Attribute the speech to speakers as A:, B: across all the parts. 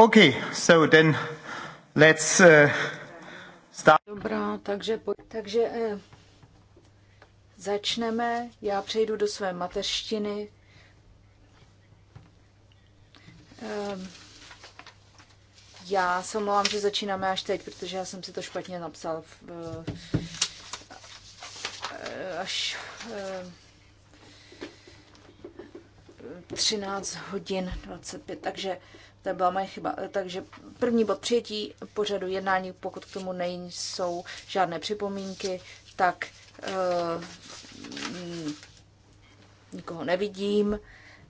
A: Okay, so then let's uh,
B: start. Dobrá, takže, takže eh,
C: začneme. Já přejdu do své mateřštiny. Ehm, já se omlouvám, že začínáme až teď, protože já jsem si to špatně napsal. V, eh, až 13 eh, hodin 25, takže to byla moje chyba. Takže první bod přijetí pořadu jednání, pokud k tomu nejsou žádné připomínky, tak uh, nikoho nevidím,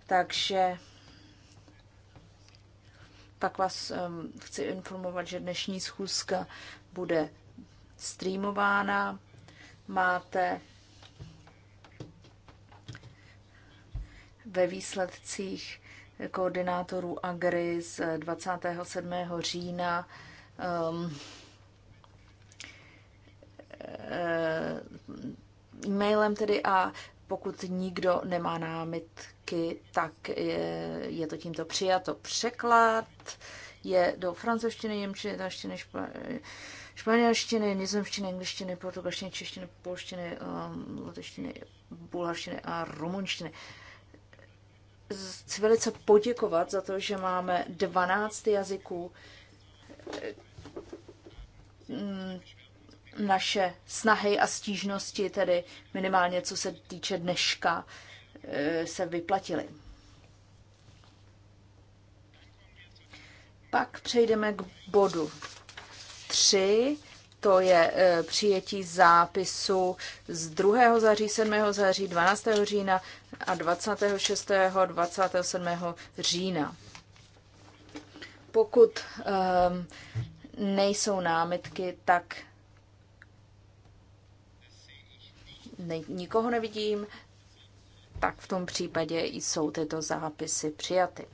C: takže pak vás um, chci informovat, že dnešní schůzka bude streamována. Máte ve výsledcích koordinátorů AGRI z 27. října. Um, eh, e-mailem tedy a pokud nikdo nemá námitky, tak je, je to tímto přijato. Překlad je do francouzštiny, němčiny, italštiny, španělštiny, nizemštiny, angličtiny, portugalštiny, češtiny, polštiny, um, latinštiny, bulharštiny a rumunštiny. Uh, chci velice poděkovat za to, že máme 12 jazyků. Mm, naše snahy a stížnosti, tedy minimálně co se týče dneška, eh, se vyplatily. Pak přejdeme k bodu 3 to je e, přijetí zápisu z 2. září, 7. září, 12. října a 26. 27. října. Pokud um, nejsou námitky, tak ne, nikoho nevidím, tak v tom případě jsou tyto zápisy přijaty.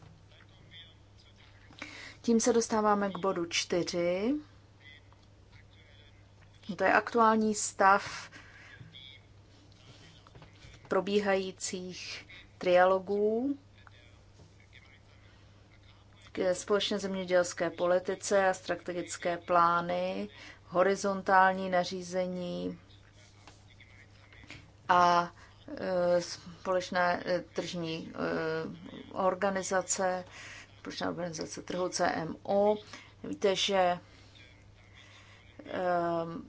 C: Tím se dostáváme k bodu 4. To je aktuální stav probíhajících trialogů k společné zemědělské politice a strategické plány, horizontální nařízení a e, společné e, tržní e, organizace, společná organizace trhu CMO. Víte, že Ehm,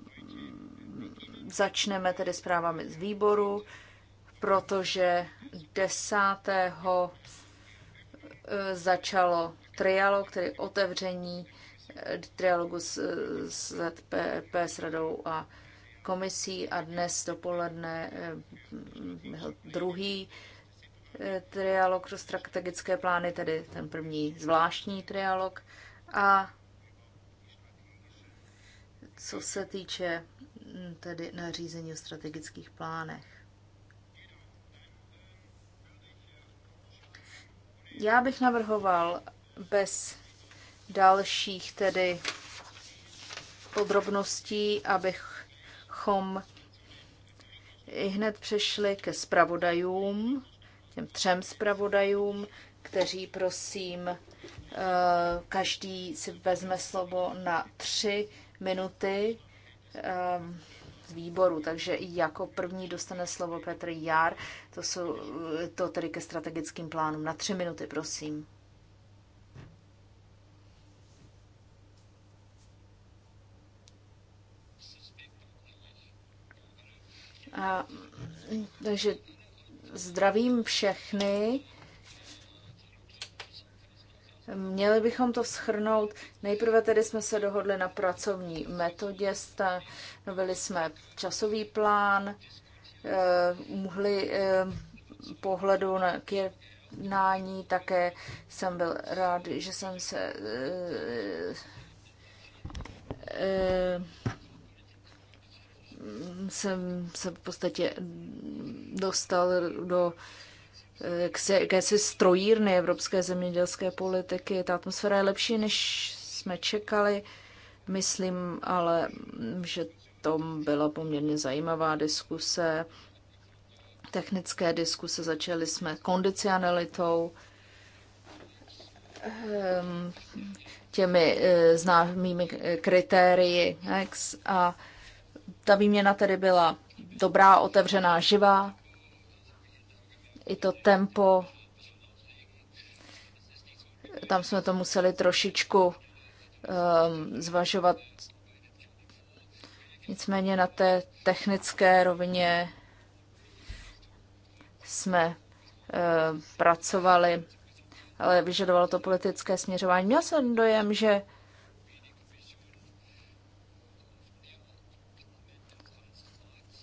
C: začneme tedy zprávami z výboru, protože 10. Eh, začalo trialog, tedy otevření eh, trialogu s, eh, s ZPP, s radou a komisí a dnes dopoledne druhý trialog pro strategické plány, tedy ten první zvláštní trialog a co se týče mm, tedy nařízení o strategických plánech. Já bych navrhoval bez dalších tedy podrobností, abychom i hned přešli ke zpravodajům, těm třem zpravodajům, kteří prosím, eh, každý si vezme slovo na tři minuty ehm, z výboru, takže jako první dostane slovo Petr Jár, to, jsou, eh, to tedy ke strategickým plánům. Na tři minuty, prosím. A, mm, takže zdravím všechny. Měli bychom to schrnout. Nejprve tedy jsme se dohodli na pracovní metodě, stanovili jsme časový plán, uhly eh, eh, pohledu na jednání, také jsem byl rád, že jsem se eh, mm, jsem se v podstatě dostal do jak se strojírny evropské zemědělské politiky. Ta atmosféra je lepší, než jsme čekali. Myslím ale, že to byla poměrně zajímavá diskuse. Technické diskuse Začali jsme kondicionalitou, ehm, těmi e, známými kritérii a ta výměna tedy byla dobrá, otevřená, živá i to tempo, tam jsme to museli trošičku um, zvažovat. Nicméně na té technické rovině jsme um, pracovali, ale vyžadovalo to politické směřování. Měl jsem dojem, že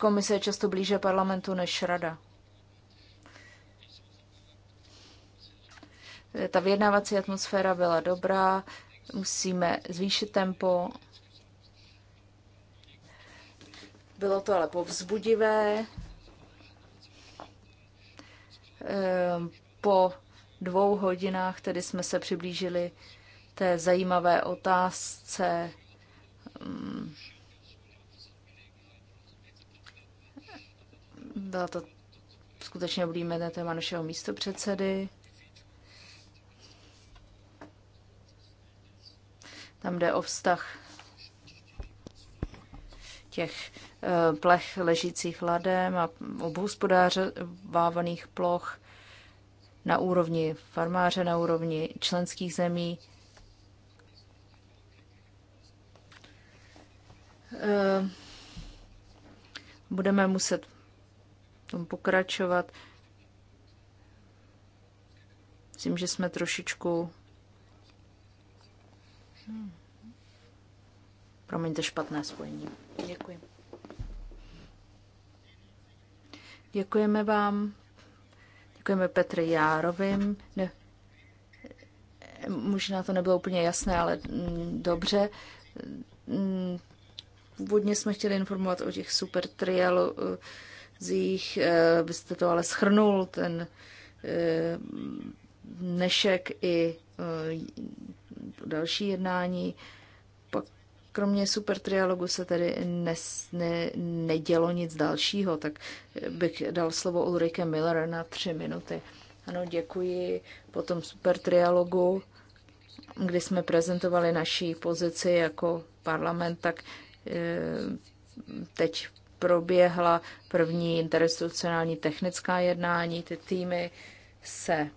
C: komise je často blíže parlamentu než rada. Ta vyjednávací atmosféra byla dobrá, musíme zvýšit tempo. Bylo to ale povzbudivé. Ehm, po dvou hodinách tedy jsme se přiblížili té zajímavé otázce ehm, byla to skutečně oblíbené téma našeho místopředsedy. Tam jde o vztah těch eh, plech ležících ladem a obhospodářovávaných ploch na úrovni farmáře, na úrovni členských zemí. Eh, budeme muset tom pokračovat. Myslím, že jsme trošičku Promiňte špatné spojení. Děkuji. Děkujeme vám. Děkujeme Petře Járovým. Ne, možná to nebylo úplně jasné, ale m, mm, dobře. M, mm, původně jsme chtěli informovat o těch super trialozích, eh, Vy byste to ale schrnul, ten eh, dnešek i eh, další jednání. Pak kromě super trialogu se tedy nes, ne, nedělo nic dalšího, tak bych dal slovo Ulrike Miller na tři minuty. Ano, děkuji. Potom supertrialogu, super trialogu, kdy jsme prezentovali naší pozici jako parlament, tak eh, teď proběhla první interinstitucionální technická jednání. Ty týmy se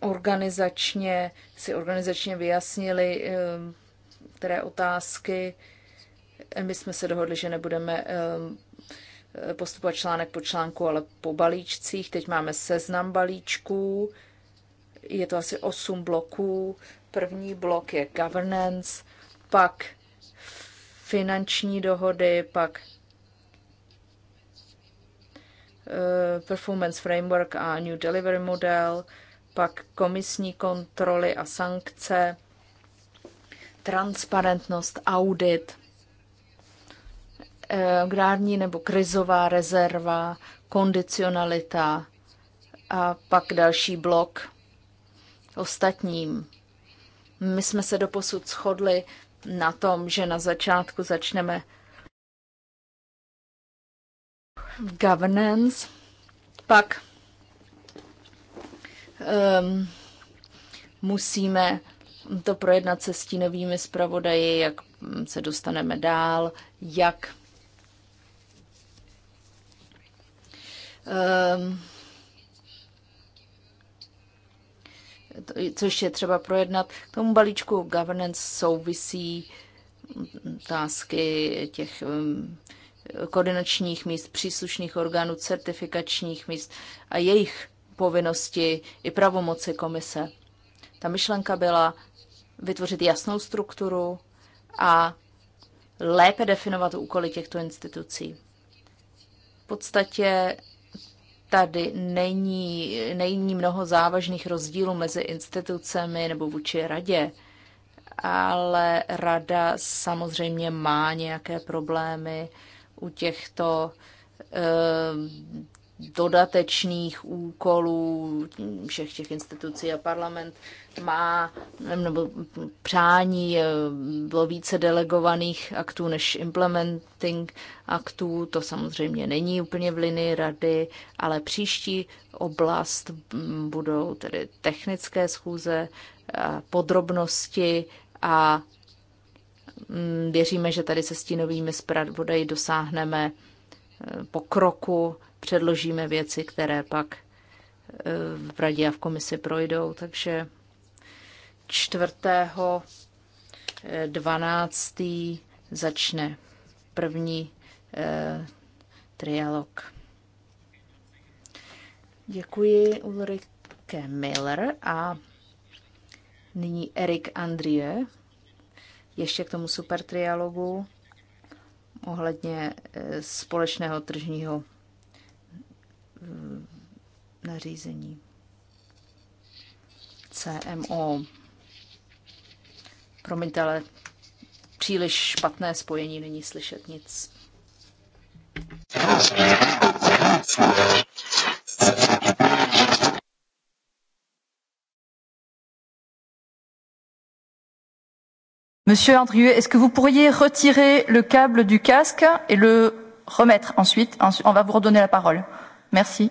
C: organizačně, si organizačně vyjasnili, ehm, které otázky. My jsme se dohodli, že nebudeme ehm, postupovat článek po článku, ale po balíčcích. Teď máme seznam balíčků, je to asi osm bloků. První blok je governance, pak finanční dohody, pak eh, performance framework a new delivery model, pak komisní kontroly a sankce, transparentnost, audit, eh, agrární nebo krizová rezerva, kondicionalita a pak další blok ostatním. My jsme se doposud shodli na tom, že na začátku začneme governance, pak um, musíme to projednat se stínovými zpravodaji, jak se dostaneme dál, jak um, což je třeba projednat. K tomu balíčku governance souvisí otázky těch ehm, koordinačních míst, příslušných orgánů, certifikačních míst a jejich povinnosti i pravomoci komise. Ta myšlenka byla vytvořit jasnou strukturu a lépe definovat úkoly těchto institucí. V podstatě tady není, není mnoho závažných rozdílů mezi institucemi nebo vůči radě, ale rada samozřejmě má nějaké problémy u těchto eh, dodatečných úkolů všech těch institucí a parlament má nebo přání eh, bylo více delegovaných aktů než implementing aktů. To samozřejmě není úplně v linii rady, ale příští oblast mm, budou tedy technické schůze, podrobnosti a mm, věříme, že tady se stínovými zpravodaji dosáhneme eh, pokroku předložíme věci, které pak eh, v radě a v komisi projdou. Takže 4. 12. Eh, začne první eh, trialog. Děkuji Ulrike Miller a nyní Erik Andrie. Ještě k tomu super trialogu ohledně eh, společného tržního Eh, nařízení CMO. Promiňte, ale příliš špatné spojení, není slyšet nic.
A: Monsieur Andrieux, est-ce que vous pourriez retirer le câble du casque et le remettre ensuite On va vous redonner la parole. Merci.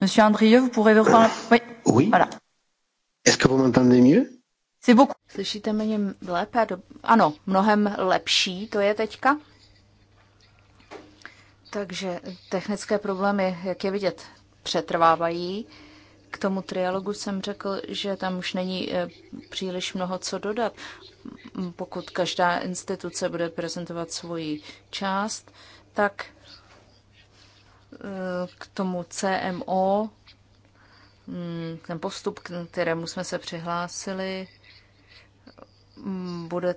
A: Monsieur Andrieux, vous pourrez vous parler. Oui. oui. Voilà. Est-ce que vous m'entendez mieux?
C: C'est beaucoup. Slyšíte mě lépe? Ano, mnohem lepší to je teďka. Takže technické problémy, jak je vidět, přetrvávají. K tomu trialogu jsem řekl, že tam už není eh, příliš mnoho co dodat. Pokud každá instituce bude prezentovat svoji část, tak eh, k tomu CMO, mm, ten postup, k kterému jsme se přihlásili, mm, bude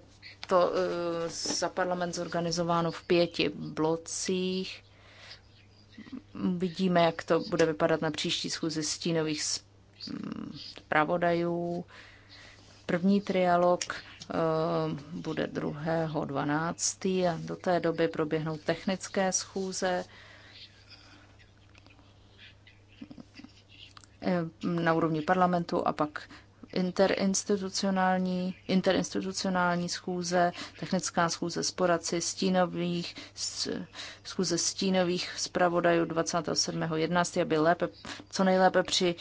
C: to eh, za parlament zorganizováno v pěti blocích Vidíme, jak to bude vypadat na příští schůzi stínových zpravodajů. První trialog eh, bude 2.12. a do té doby proběhnou technické schůze eh, na úrovni parlamentu a pak interinstitucionální, interinstitucionální schůze, technická schůze s poradci stínových, schůze stínových zpravodajů 27.11., aby lépe, co nejlépe při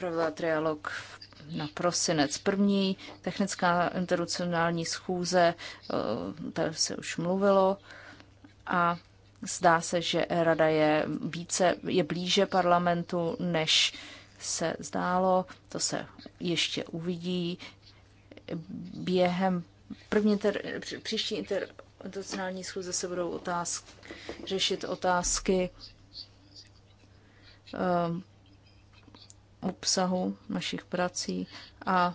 C: uh, trialog na prosinec. První technická internacionální schůze, eh, to se už mluvilo, a zdá se, že rada je více, je blíže parlamentu než se zdálo, to se ještě uvidí během první inter, příští internacionální schůze se budou otázky, řešit otázky um, obsahu našich prací a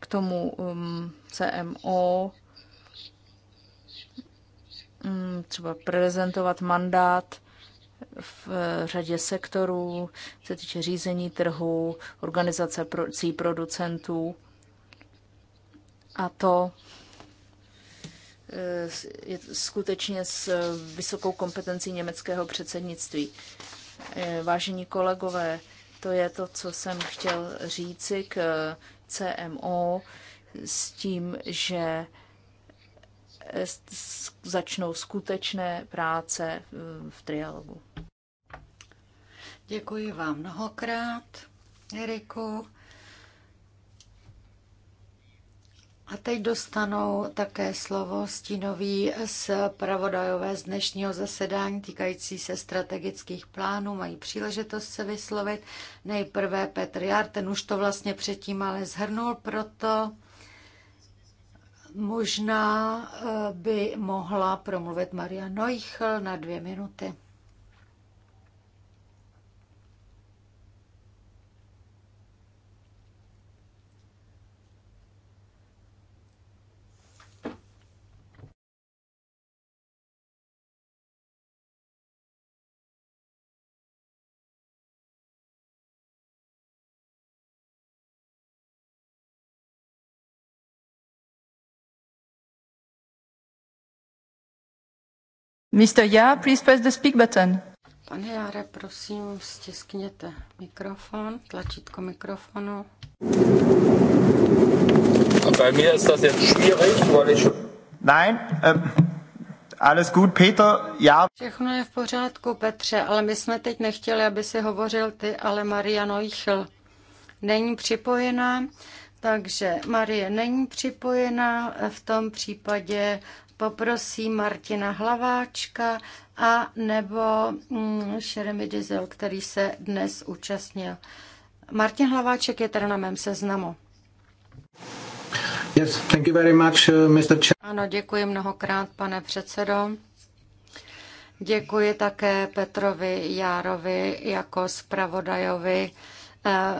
C: k tomu um, ehm, CMO um, ehm, třeba prezentovat mandát v eh, řadě sektorů, se týče řízení trhu, organizace cí producentů. A to eh, je skutečně s vysokou kompetencí německého předsednictví. Eh, vážení kolegové, to je to, co jsem chtěl říci k CMO s tím, že začnou skutečné práce
B: v trialogu. Děkuji vám mnohokrát, Eriku. A teď dostanou také slovo stínový z pravodajové z dnešního zasedání týkající se strategických plánů. Mají příležitost se vyslovit. Nejprve Petr Jar, ten už to vlastně předtím ale zhrnul, proto možná eh, by mohla promluvit Maria Neuchl na dvě minuty.
A: Mr. Ja, please press the speak button. Pane Jare, prosím, stiskněte mikrofon,
B: tlačítko mikrofonu.
A: Bei mir ist das jetzt schwierig, weil ich... Nein, ähm, alles gut, Peter, ja.
B: Všechno je v pořádku, Petře, ale my jsme teď nechtěli, aby si hovořil ty, ale Maria Neuchl není připojená. Takže Marie není připojená, v tom případě poprosím Martina Hlaváčka a nebo mm, Dizel, který se dnes účastnil. Martin Hlaváček je teda na mém seznamu.
A: Yes, thank you very much, uh, Mr. Ch-
B: ano, děkuji mnohokrát, pane předsedo. Děkuji také Petrovi Járovi jako zpravodajovi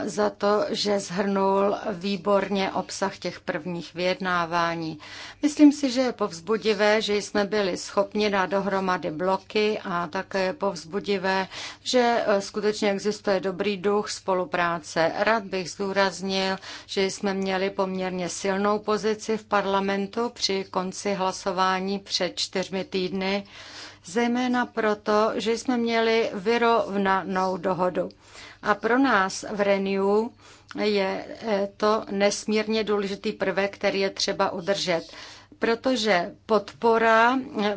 B: za to, že zhrnul výborně obsah těch prvních vyjednávání. Myslím si, že je povzbudivé, že jsme byli schopni dát dohromady bloky a také je povzbudivé, že e, skutečně existuje dobrý duch spolupráce. Rád bych zdůraznil, že jsme měli poměrně silnou pozici v parlamentu při konci hlasování před čtyřmi týdny, zejména proto, že jsme měli vyrovnanou dohodu. A pro nás v Renew je eh, to nesmírně důležitý prvek, který je třeba udržet, protože podpora eh,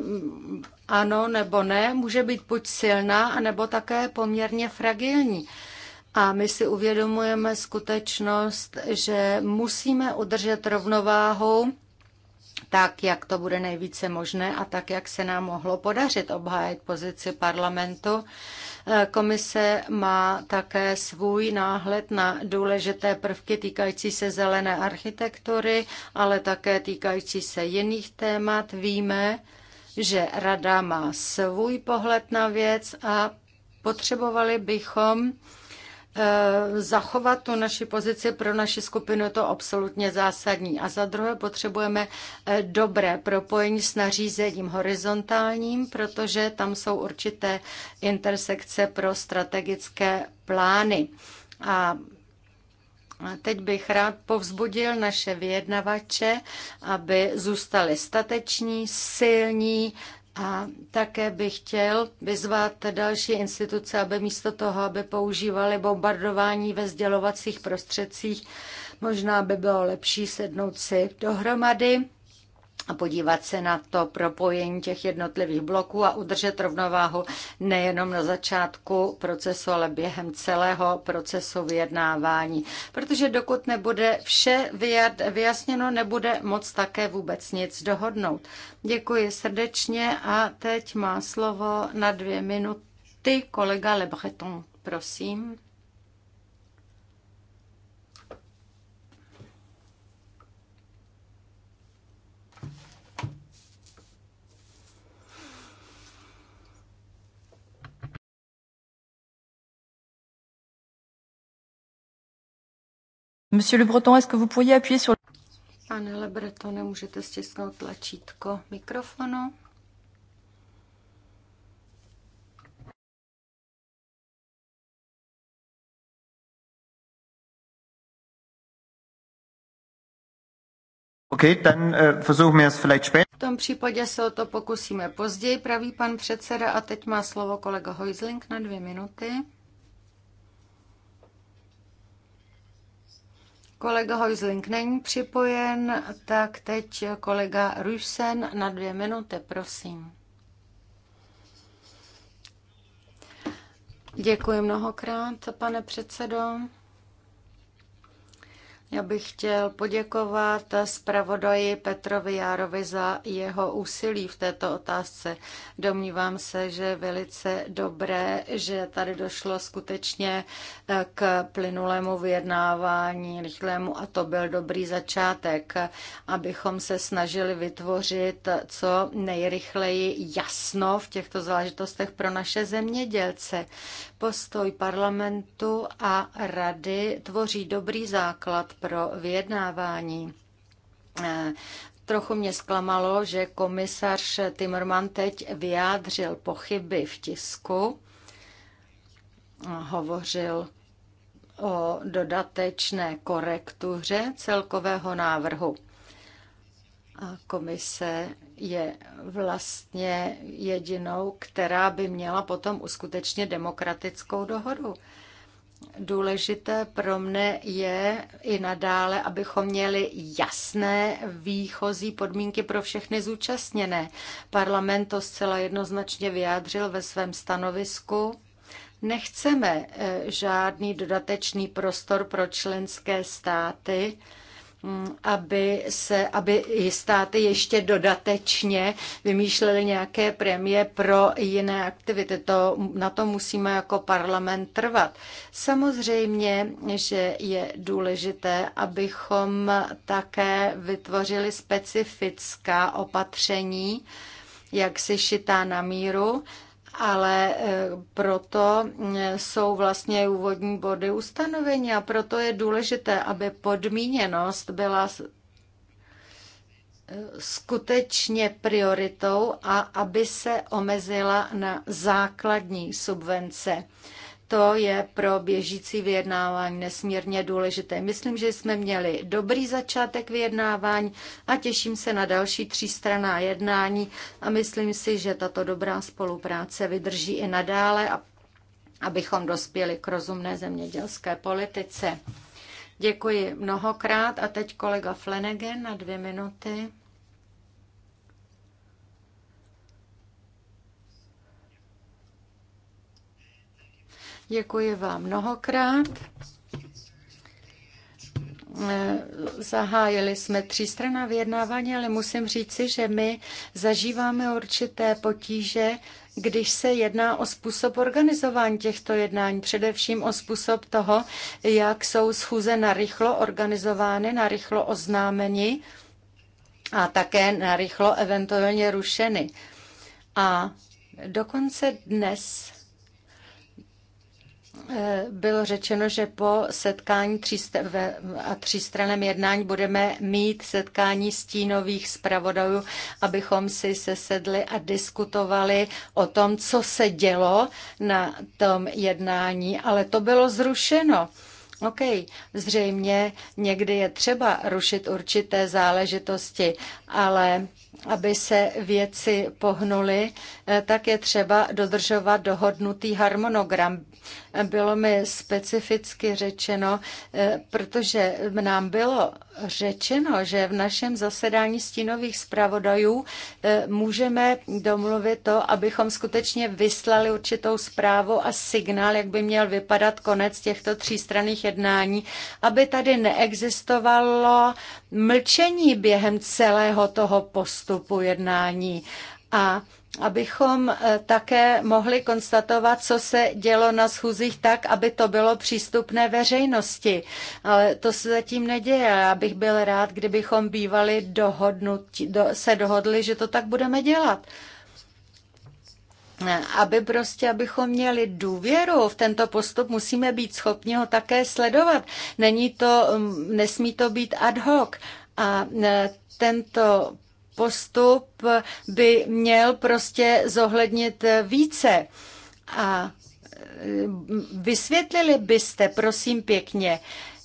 B: ano nebo ne může být buď silná, nebo také poměrně fragilní. A my si uvědomujeme skutečnost, že musíme udržet rovnováhu tak, jak to bude nejvíce možné a tak, jak se nám mohlo podařit obhájit pozici parlamentu Komise má také svůj náhled na důležité prvky týkající se zelené architektury, ale také týkající se jiných témat. Víme, že rada má svůj pohled na věc a potřebovali bychom Eh, zachovat tu naši pozici pro naši skupinu je to absolutně zásadní. A za druhé potřebujeme eh, dobré propojení s nařízením horizontálním, protože tam jsou určité intersekce pro strategické plány. A a teď bych rád povzbudil naše vyjednavače, aby zůstali stateční, silní, a také bych chtěl vyzvat další instituce, aby místo toho, aby používali bombardování ve sdělovacích prostředcích, možná by bylo lepší sednout si dohromady a podívat se na to propojení těch jednotlivých bloků a udržet rovnováhu nejenom na začátku procesu, ale během celého procesu vyjednávání. Protože dokud nebude vše vyjasněno, nebude moc také vůbec nic dohodnout. Děkuji srdečně a teď má slovo na dvě minuty kolega Le Breton. Prosím.
A: Monsieur Le Breton, est-ce que vous pourriez appuyer sur... Pane Le Bretone, můžete stisknout tlačítko mikrofonu. Okay, dann, uh, v tom případě se o to pokusíme později, praví pan předseda a teď
B: má slovo kolega Hojzling na dvě minuty. Kolega Hojzling není připojen, tak teď kolega Rusen na dvě minuty, prosím. Děkuji mnohokrát, pane předsedo. Já bych chtěl poděkovat zpravodaji Petrovi Járovi za jeho úsilí v této otázce. Domnívám se, že je velice dobré, že tady došlo skutečně eh, k plynulému vyjednávání, rychlému a to byl dobrý začátek, abychom se snažili vytvořit co nejrychleji jasno v těchto záležitostech pro naše zemědělce. Postoj parlamentu a rady tvoří dobrý základ pro vyjednávání. Eh, trochu mě zklamalo, že komisař Timmerman teď vyjádřil pochyby v tisku. Hovořil o dodatečné korektuře celkového návrhu. A komise je vlastně jedinou, která by měla potom uskutečně demokratickou dohodu. Důležité pro mne je i nadále, abychom měli jasné výchozí podmínky pro všechny zúčastněné. Parlament to zcela jednoznačně vyjádřil ve svém stanovisku. Nechceme eh, žádný dodatečný prostor pro členské státy, aby, se, aby státy ještě dodatečně vymýšlely nějaké prémie pro jiné aktivity. To, na to musíme jako parlament trvat. Samozřejmě, že je důležité, abychom také vytvořili specifická opatření, jak si šitá na míru, ale eh, proto eh, jsou vlastně úvodní body ustanovení a proto je důležité, aby podmíněnost byla eh, skutečně prioritou a aby se omezila na základní subvence. To je pro běžící vyjednávání nesmírně důležité. Myslím, že jsme měli dobrý začátek vyjednávání a těším se na další třístraná jednání a myslím si, že tato dobrá spolupráce vydrží i nadále, abychom dospěli k rozumné zemědělské politice. Děkuji mnohokrát a teď kolega Flanagan na dvě minuty. Děkuji vám mnohokrát. Zahájili jsme tři strana vyjednávání, ale musím říci, že my zažíváme určité potíže, když se jedná o způsob organizování těchto jednání, především o způsob toho, jak jsou schůze narychlo organizovány, narychlo oznámeni a také narychlo eventuálně rušeny. A dokonce dnes Eh, bylo řečeno, že po setkání a třístraném jednání budeme mít setkání stínových zpravodajů, abychom si sesedli a diskutovali o tom, co se dělo na tom jednání, ale to bylo zrušeno. OK, zřejmě někdy je třeba rušit určité záležitosti, ale aby se věci pohnuly, eh, tak je třeba dodržovat dohodnutý harmonogram bylo mi specificky řečeno, eh, protože nám bylo řečeno, že v našem zasedání stínových zpravodajů eh, můžeme domluvit to, abychom skutečně vyslali určitou zprávu a signál, jak by měl vypadat konec těchto třístranných jednání, aby tady neexistovalo mlčení během celého toho postupu jednání. A abychom eh, také mohli konstatovat, co se dělo na schůzích tak, aby to bylo přístupné veřejnosti. Ale to se zatím neděje. Já bych byl rád, kdybychom bývali dohodnutí, do, se dohodli, že to tak budeme dělat eh, aby prostě, abychom měli důvěru v tento postup, musíme být schopni ho také sledovat. Není to, mm, nesmí to být ad hoc. A eh, tento postup by měl prostě zohlednit více. A e, vysvětlili byste, prosím pěkně,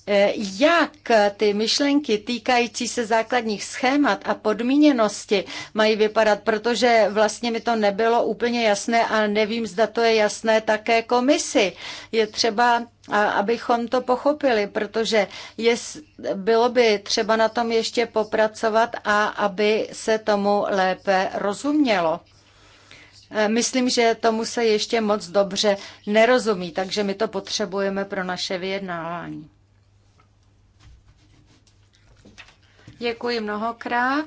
B: E, jak ty myšlenky týkající se základních schémat a podmíněnosti mají vypadat, protože vlastně mi to nebylo úplně jasné a nevím, zda to je jasné také komisi. Je třeba abychom to pochopili, protože je, bylo by třeba na tom ještě popracovat a aby se tomu lépe rozumělo. E, myslím, že tomu se ještě moc dobře nerozumí, takže my to potřebujeme pro naše vyjednávání. Děkuji mnohokrát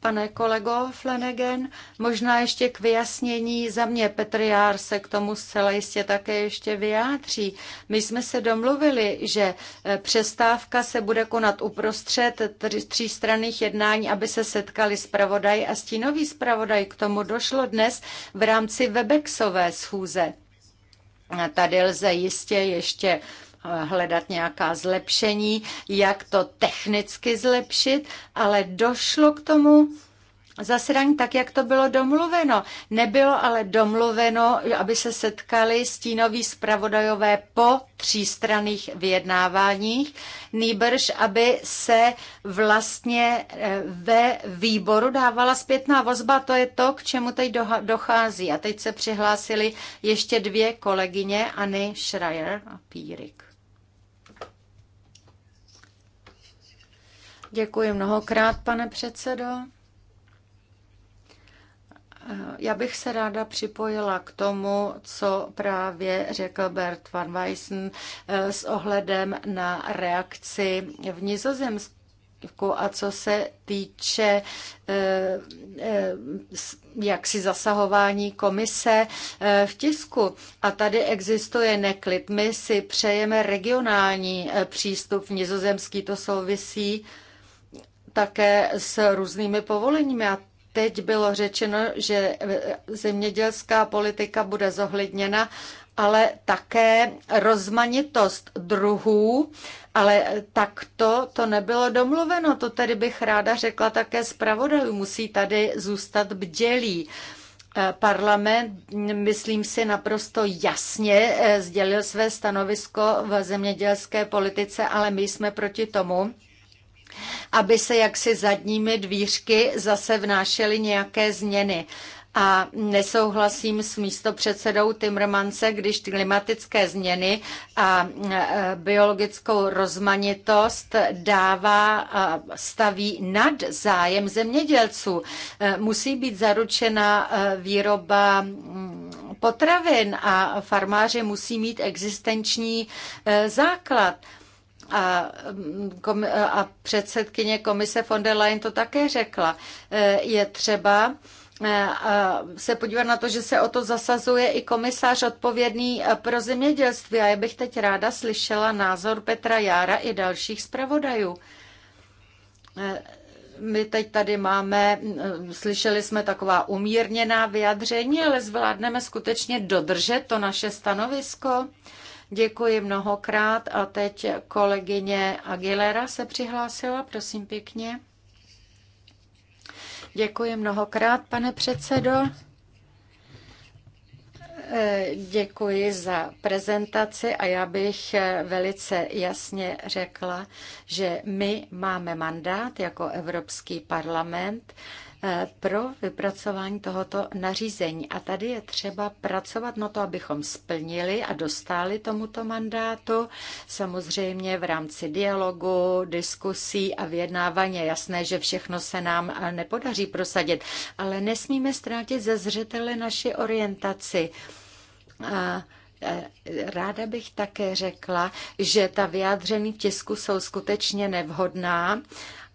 B: pane kolego Flanagan. Možná ještě k vyjasnění za mě. Petr Jár se k tomu zcela jistě také ještě vyjádří. My jsme se domluvili, že eh, přestávka se bude konat uprostřed třístranných jednání, aby se setkali zpravodaj a stínový zpravodaj. K tomu došlo dnes v rámci Webexové schůze. A tady lze jistě ještě hledat nějaká zlepšení, jak to technicky zlepšit, ale došlo k tomu zasedání tak, jak to bylo domluveno. Nebylo ale domluveno, aby se setkali stínoví zpravodajové po třístranných vyjednáváních, nýbrž, aby se vlastně eh, ve výboru dávala zpětná vozba. To je to, k čemu teď dochází. A teď se přihlásili ještě dvě kolegyně, Anny Schreier a Pírik. Děkuji mnohokrát, pane předsedo. Já bych se ráda připojila k tomu, co právě řekl Bert van Weissen eh, s ohledem na reakci v Nizozemsku a co se týče eh, eh, jaksi zasahování komise v tisku. A tady existuje neklid. My si přejeme regionální přístup v nizozemský, to souvisí také s různými povoleními. A teď bylo řečeno, že zemědělská politika bude zohledněna, ale také rozmanitost druhů, ale takto to nebylo domluveno. To tedy bych ráda řekla také zpravodajů. Musí tady zůstat bdělí. Parlament, myslím si, naprosto jasně eh, sdělil své stanovisko v zemědělské politice, ale my jsme proti tomu, aby se jaksi zadními dvířky zase vnášely nějaké změny. A nesouhlasím s místopředsedou Timrmance, když klimatické změny a e, biologickou rozmanitost dává a staví nad zájem zemědělců. E, musí být zaručena e, výroba mm, potravin a farmáři musí mít existenční základ. A, mm, kom, a předsedkyně komise von der Leyen to také řekla. E, je třeba e, a se podívat na to, že se o to zasazuje i komisář odpovědný e, pro zemědělství. A já bych teď ráda slyšela názor Petra Jára i dalších zpravodajů. My teď tady máme, slyšeli jsme taková umírněná vyjadření, ale zvládneme skutečně dodržet to naše stanovisko. Děkuji mnohokrát a teď kolegyně Aguilera se přihlásila, prosím pěkně. Děkuji mnohokrát, pane předsedo. E, děkuji za prezentaci a já bych velice jasně řekla, že my máme mandát jako Evropský parlament Eh, pro vypracování tohoto nařízení. A tady je třeba pracovat na to, abychom splnili a dostali tomuto mandátu. Samozřejmě v rámci dialogu, diskusí a vyjednávání je jasné, že všechno se nám eh, nepodaří prosadit, ale nesmíme ztrátit ze zřetele naši orientaci. A eh, Ráda bych také řekla, že ta vyjádření v tisku jsou skutečně nevhodná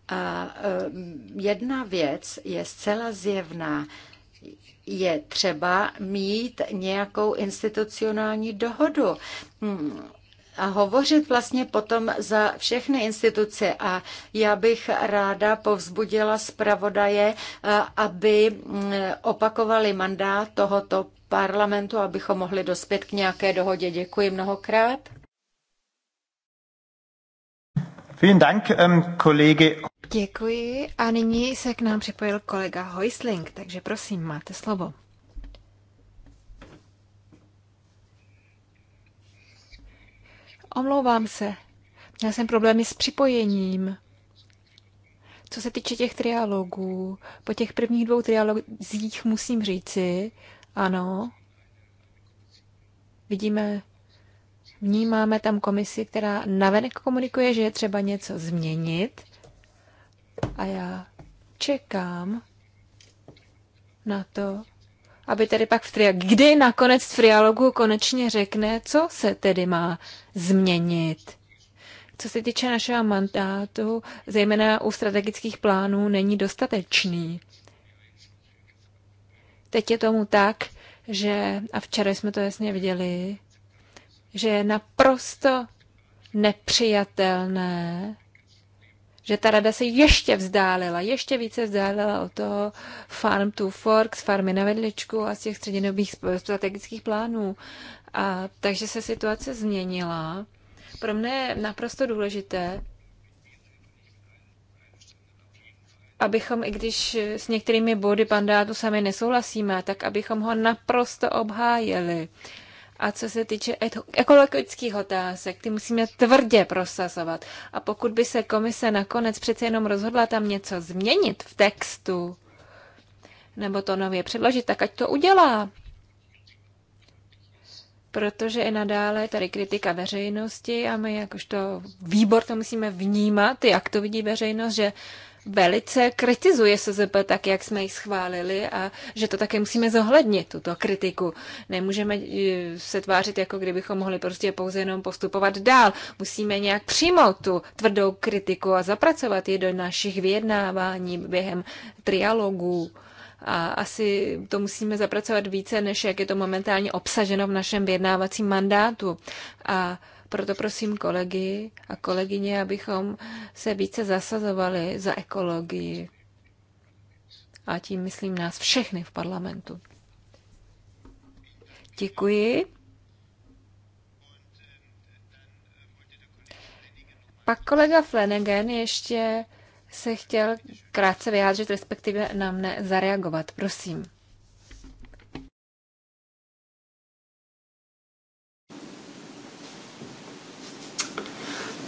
B: a eh, jedna věc je zcela zjevná. Je třeba mít nějakou institucionální dohodu hm, a hovořit vlastně potom za všechny instituce. A já bych ráda povzbudila zpravodaje, eh, aby hm, opakovali mandát tohoto parlamentu, abychom mohli dospět k nějaké dohodě. Děkuji mnohokrát.
A: Vielen Dank, um, ähm, kolege.
B: Děkuji a nyní se k
D: nám připojil kolega Hoisling, takže prosím, máte slovo. Omlouvám se, měl jsem problémy s připojením. Co se týče těch trialogů, po těch prvních dvou trialogích musím říci, ano, vidíme, vnímáme tam komisi, která navenek komunikuje, že je třeba něco změnit, a já čekám na to, aby tedy pak v trialogu, kdy nakonec v trialogu konečně řekne, co se tedy má změnit. Co se týče našeho mandátu, zejména u strategických plánů, není dostatečný. Teď je tomu tak, že, a včera jsme to jasně viděli, že je naprosto nepřijatelné, že ta rada se ještě vzdálila, ještě více vzdálila od toho farm to fork, z farmy na vedličku a z těch střednědobých strategických plánů. A, takže se situace změnila. Pro mě je naprosto důležité, abychom, i když s některými body pandátu sami nesouhlasíme, tak abychom ho naprosto obhájili. A co se týče ekologických otázek, ty musíme tvrdě prosazovat. A pokud by se komise nakonec přece jenom rozhodla tam něco změnit v textu, nebo to nově předložit, tak ať to udělá. Protože i nadále je tady kritika veřejnosti a my jakožto výbor to musíme vnímat, jak to vidí veřejnost, že velice kritizuje SZP tak, jak jsme ji schválili a že to také musíme zohlednit, tuto kritiku. Nemůžeme e, se tvářit, jako kdybychom mohli prostě pouze jenom postupovat dál. Musíme nějak přijmout tu tvrdou kritiku a zapracovat ji do našich vyjednávání během trialogů. A asi to musíme zapracovat více, než jak je to momentálně obsaženo v našem vyjednávacím mandátu. A proto prosím kolegy a kolegyně, abychom se více zasazovali za ekologii. A tím myslím nás všechny v parlamentu. Děkuji. Pak kolega Flanagan ještě se chtěl krátce vyjádřit, respektive na mne zareagovat. Prosím.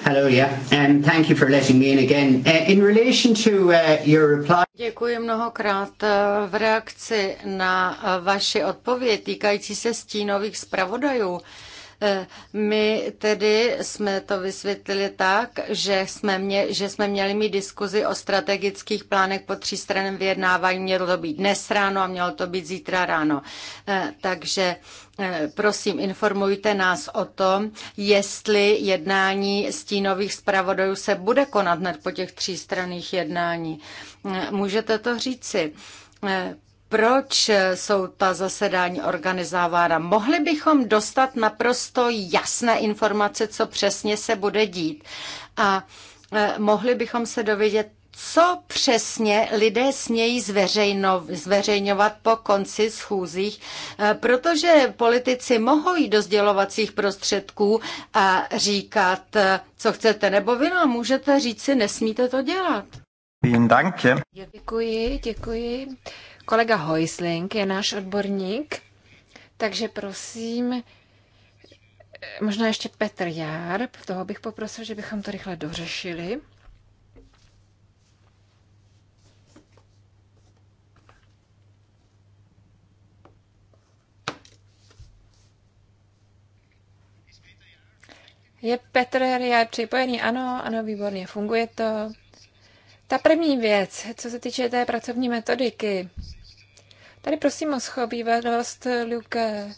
B: Hello, yeah. Um, thank you for letting me in again. Uh, in relation to uh, your reply... Děkuji mnohokrát. Uh, v reakci na uh, vaši odpověď týkající se stínových zpravodajů, uh, my tedy jsme to vysvětlili tak, že jsme, mě, že jsme měli mít diskuzi o strategických plánech po třístranném vyjednávání. Mělo to být dnes ráno a mělo to být zítra ráno. Takže Eh, prosím, informujte nás o tom, jestli jednání stínových zpravodajů se bude konat hned po těch třístranných jednání. Eh, můžete to říci? Eh, proč jsou ta zasedání organizována? Mohli bychom dostat naprosto jasné informace, co přesně se bude dít. A mohli bychom se dovědět co přesně lidé smějí zveřejňovat po konci schůzích, eh, protože politici mohou jít do sdělovacích prostředků a říkat, eh, co chcete, nebo vy nám no můžete říct si, nesmíte to dělat. Děkuji,
D: děkuji. Kolega Hoisling je náš odborník, takže prosím, eh, možná ještě Petr Jár, toho bych poprosil, že bychom to rychle dořešili. Je Petr je připojený? Ano, ano, výborně, funguje to. Ta první věc, co se týče té pracovní metodiky. Tady prosím o schobývalost, Luke.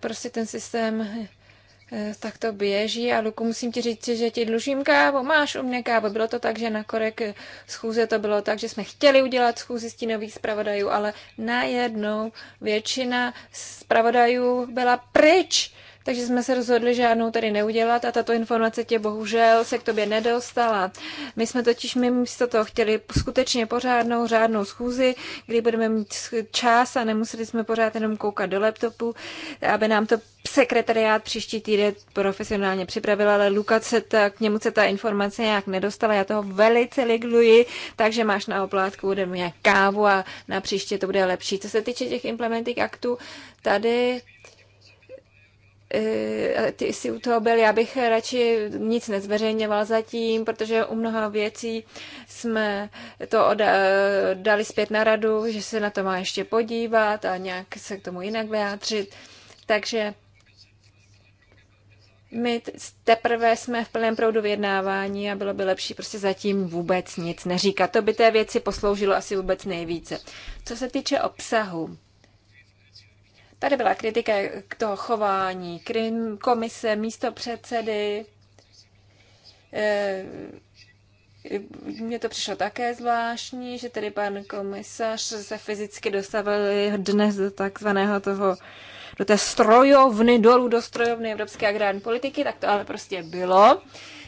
D: Prostě ten systém eh, tak to běží a Luku musím ti říct, že ti dlužím kávu, máš u mě kávu. Bylo to tak, že na korek schůze to bylo tak, že jsme chtěli udělat schůzi nových zpravodajů, ale najednou většina zpravodajů byla pryč takže jsme se rozhodli žádnou tady neudělat a tato informace tě bohužel se k tobě nedostala. My jsme totiž my místo toho chtěli skutečně pořádnou řádnou schůzi, kdy budeme mít čas a nemuseli jsme pořád jenom koukat do laptopu, aby nám to sekretariát příští týden profesionálně připravil, ale Luka se ta, k němu se ta informace nějak nedostala, já toho velice ligluji, takže máš na oplátku ode mě kávu a na příště to bude lepší. Co se týče těch implementing aktů, tady Eh, ty jsi u toho byl, já bych radši nic nezveřejňoval zatím, protože u mnoha věcí jsme to dali zpět na radu, že se na to má ještě podívat a nějak se k tomu jinak vyjádřit. Takže my teprve jsme v plném proudu vyjednávání a bylo by lepší prostě zatím vůbec nic neříkat. To by té věci posloužilo asi vůbec nejvíce. Co se týče obsahu, Tady byla kritika k toho chování Krim komise, místo předsedy. Eh, mně to přišlo také zvláštní, že tedy pan komisař se fyzicky dostavil dnes do takzvaného toho do té strojovny, dolů do strojovny evropské agrární politiky, tak to ale prostě bylo.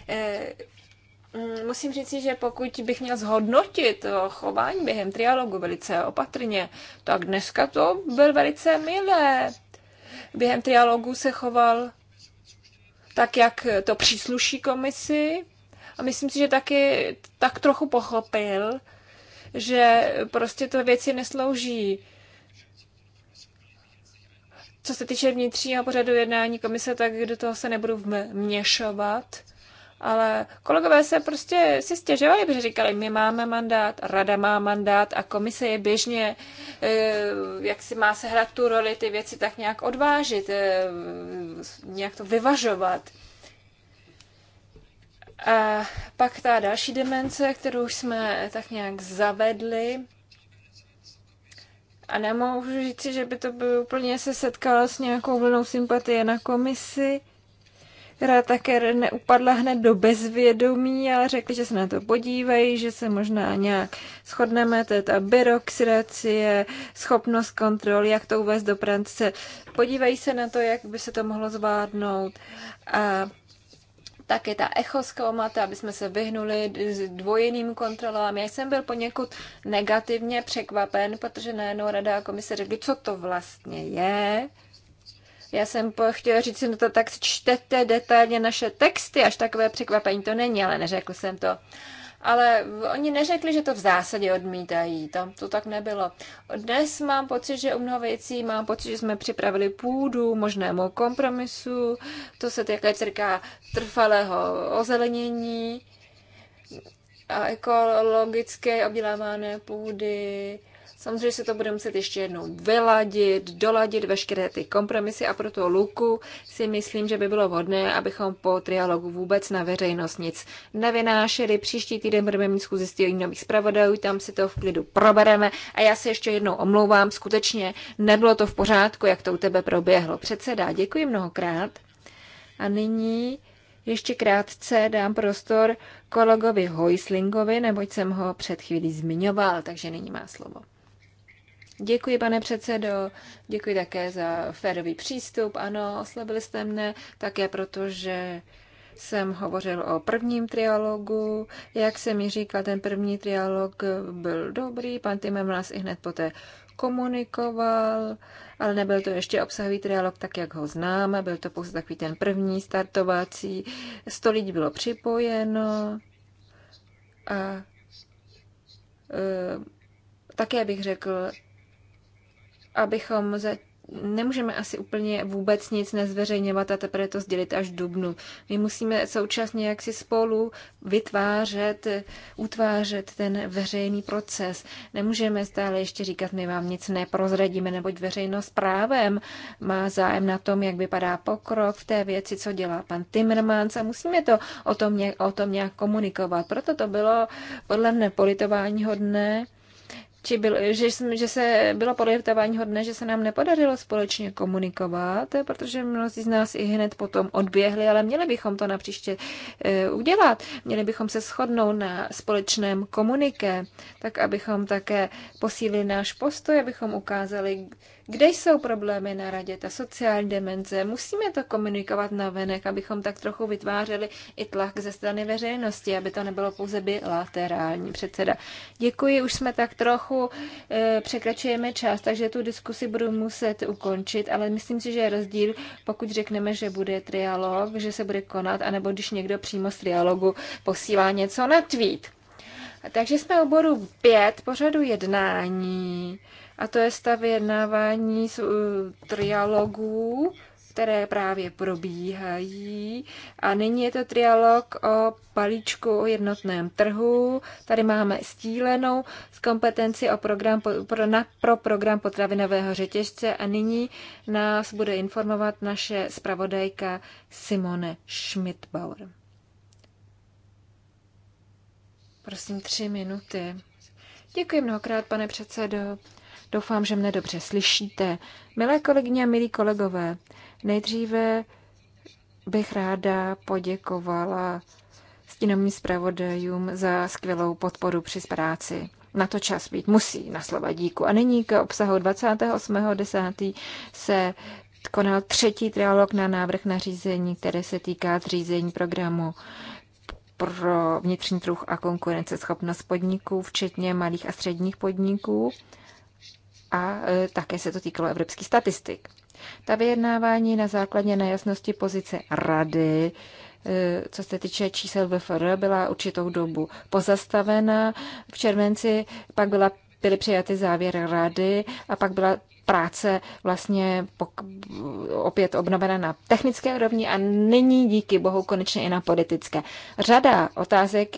D: Eh, Mm, musím říct, že pokud bych měl zhodnotit eh, chování během trialogu velice opatrně, tak dneska to byl velice milé. Během trialogu se choval tak, jak to přísluší komisi a myslím si, že taky tak trochu pochopil, že prostě to věci neslouží co se týče vnitřního pořadu jednání komise, tak do toho se nebudu vměšovat ale kolegové se prostě si stěžovali, protože říkali, my máme mandát, rada má mandát a komise je běžně, e, jak si má se hrát tu roli, ty věci tak nějak odvážit, e, nějak to vyvažovat. A pak ta další demence, kterou jsme tak nějak zavedli, a nemůžu říct, že by to bylo úplně se setkalo s nějakou vlnou sympatie na komisi, která také neupadla hned do bezvědomí, ale řekli, že se na to podívají, že se možná nějak shodneme, to je ta byrokracie, schopnost kontrol, jak to uvést do prance. Podívají se na to, jak by se to mohlo zvládnout. A také ta echo echoskoumata, aby jsme se vyhnuli dvojeným kontrolám. Já jsem byl poněkud negativně překvapen, protože najednou Rada a komise řekli, co to vlastně je, já jsem chtěla říct, no to tak čtete detailně naše texty, až takové překvapení to není, ale neřekl jsem to. Ale oni neřekli, že to v zásadě odmítají, tam to tak nebylo. Dnes mám pocit, že u mnoho věcí mám pocit, že jsme připravili půdu možnému kompromisu, to se týká cirka trvalého ozelenění a ekologické obdělávané půdy, Samozřejmě se to bude muset ještě jednou vyladit, doladit veškeré ty kompromisy a pro luku si myslím, že by bylo vhodné, abychom po trialogu vůbec na veřejnost nic nevynášeli. Příští týden budeme mít schůzi nových zpravodajů, tam si to v klidu probereme a já se ještě jednou omlouvám, skutečně nebylo to v pořádku, jak to u tebe proběhlo. Předseda, děkuji mnohokrát. A nyní ještě krátce dám prostor kolegovi Hojslingovi, neboť jsem ho před chvílí zmiňoval, takže nyní má slovo. Děkuji, pane předsedo, děkuji také za férový přístup. Ano, oslabili jste mne také protože jsem hovořil o prvním trialogu. Jak jsem mi říkal, ten první trialog byl dobrý, pan Timem nás i hned poté komunikoval, ale nebyl to ještě obsahový trialog, tak jak ho známe, byl to pouze takový ten první startovací. Sto lidí bylo připojeno a e, také bych řekl, abychom za... nemůžeme asi úplně vůbec nic nezveřejňovat a teprve to sdělit až v dubnu. My musíme současně jaksi spolu vytvářet, utvářet ten veřejný proces. Nemůžeme stále ještě říkat, my vám nic neprozradíme, neboť veřejnost právem má zájem na tom, jak vypadá pokrok v té věci, co dělá pan Timmermans a musíme to o tom nějak, o tom nějak komunikovat. Proto to bylo podle mne politování hodné, či byl, že, že se bylo politování hodné, že se nám nepodařilo společně komunikovat, protože mnozí z nás i hned potom odběhli, ale měli bychom to napříště e, eh, udělat. Měli bychom se shodnout na společném komuniké, tak abychom také posílili náš postoj, abychom ukázali, kde jsou problémy na radě? Ta sociální demenze, Musíme to komunikovat na venek, abychom tak trochu vytvářeli i tlak ze strany veřejnosti, aby to nebylo pouze bilaterální předseda. Děkuji, už jsme tak trochu e, překračujeme čas, takže tu diskusi budu muset ukončit, ale myslím si, že je rozdíl, pokud řekneme, že bude trialog, že se bude konat, anebo když někdo přímo z trialogu posílá něco na tweet. Takže jsme u bodu 5 pořadu jednání a to je stav vyjednávání z trialogů, které právě probíhají. A nyní je to trialog o palíčku o jednotném trhu. Tady máme stílenou z kompetenci o program, pro, na, pro program potravinového řetěžce a nyní nás bude informovat naše zpravodajka Simone Schmidbauer. Prosím, tři minuty. Děkuji mnohokrát, pane předsedo. Doufám, že mne dobře slyšíte. Milé kolegyně a milí kolegové, nejdříve bych ráda poděkovala stínovým zpravodajům za skvělou podporu při práci. Na to čas být musí, na slova díku. A nyní k obsahu 28.10. se konal třetí trialog na návrh nařízení, které se týká zřízení programu pro vnitřní trh a konkurenceschopnost podniků, včetně malých a středních podniků a e, také se to týkalo evropských statistik. Ta vyjednávání na základě nejasnosti pozice rady, e, co se týče čísel VFR, byla určitou dobu pozastavena. V červenci pak byla, byly přijaty závěry rady a pak byla práce vlastně opět obnovena na technické úrovni a nyní díky bohu konečně i na politické. Řada otázek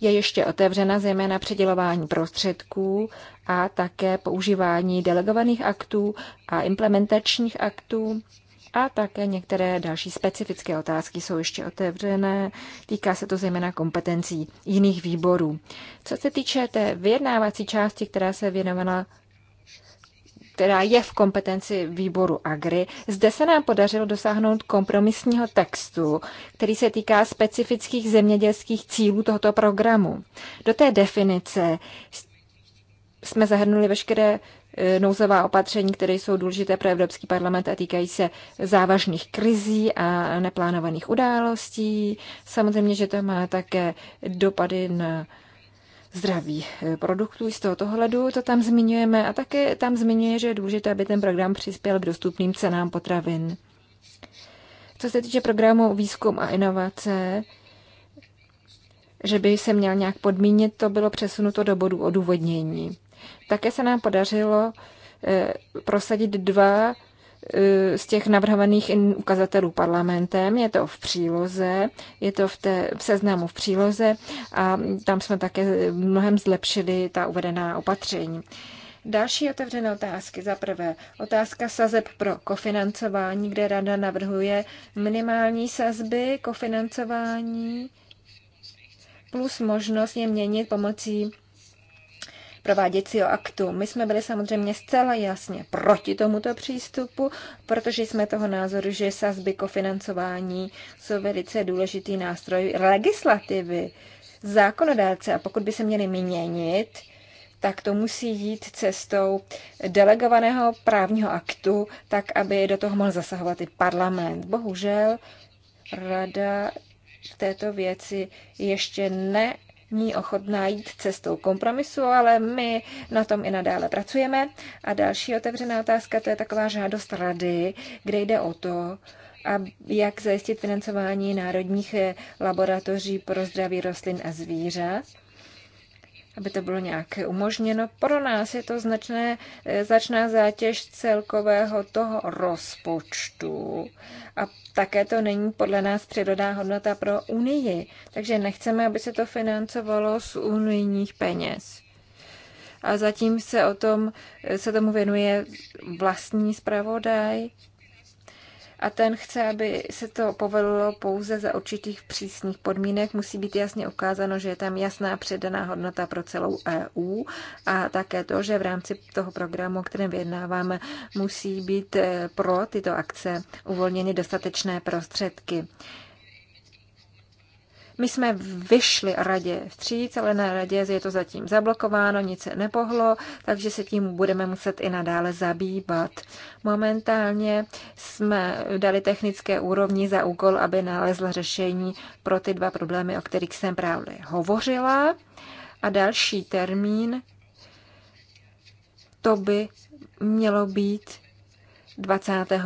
D: je ještě otevřena zejména předělování prostředků a také používání delegovaných aktů a implementačních aktů a také některé další specifické otázky jsou ještě otevřené. Týká se to zejména kompetencí jiných výborů. Co se týče té vyjednávací části, která se věnovala která je v kompetenci výboru Agri. Zde se nám podařilo dosáhnout kompromisního textu, který se týká specifických zemědělských cílů tohoto programu. Do té definice jsme zahrnuli veškeré e, nouzová opatření, které jsou důležité pro Evropský parlament a týkají se závažných krizí a neplánovaných událostí. Samozřejmě, že to má také dopady na zdraví eh, produktů. Z tohoto hledu to tam zmiňujeme a také tam zmiňuje, že je důležité, aby ten program přispěl k dostupným cenám potravin. Co se týče programu výzkum a inovace, že by se měl nějak podmínit, to bylo přesunuto do bodu odůvodnění. Také se nám podařilo eh, prosadit dva Eh, z těch navrhovaných ukazatelů parlamentem. Je to v příloze, je to v, té, v seznamu v příloze a tam jsme také mnohem zlepšili ta uvedená opatření. Další otevřené otázky. Za prvé, otázka sazeb pro kofinancování, kde rada navrhuje minimální sazby kofinancování plus možnost je měnit pomocí prováděcího aktu. My jsme byli samozřejmě zcela jasně proti tomuto přístupu, protože jsme toho názoru, že sazby kofinancování jsou velice důležitý nástroj legislativy, zákonodárce a pokud by se měly měnit, tak to musí jít cestou delegovaného právního aktu, tak aby do toho mohl zasahovat i parlament. Bohužel rada v této věci ještě ne ní ochotná jít cestou kompromisu, ale my na tom i nadále pracujeme. A další otevřená otázka, to je taková žádost rady, kde jde o to, a jak zajistit financování národních laboratoří pro zdraví rostlin a zvířat aby to bylo nějak umožněno. Pro nás je to značné, eh, značná zátěž celkového toho rozpočtu a také to není podle nás přirodná hodnota pro Unii, takže nechceme, aby se to financovalo z unijních peněz. A zatím se o tom eh, se tomu věnuje vlastní zpravodaj, a ten chce, aby se to povedlo pouze za určitých přísných podmínek. Musí být jasně ukázáno, že je tam jasná předaná hodnota pro celou EU a také to, že v rámci toho programu, o kterém vyjednáváme, musí být eh, pro tyto akce uvolněny dostatečné prostředky. My jsme vyšli radě vstříc, ale na radě je to zatím zablokováno, nic se nepohlo, takže se tím budeme muset i nadále zabývat. Momentálně jsme dali technické úrovni za úkol, aby nalezla řešení pro ty dva problémy, o kterých jsem právě hovořila. A další termín, to by mělo být 25.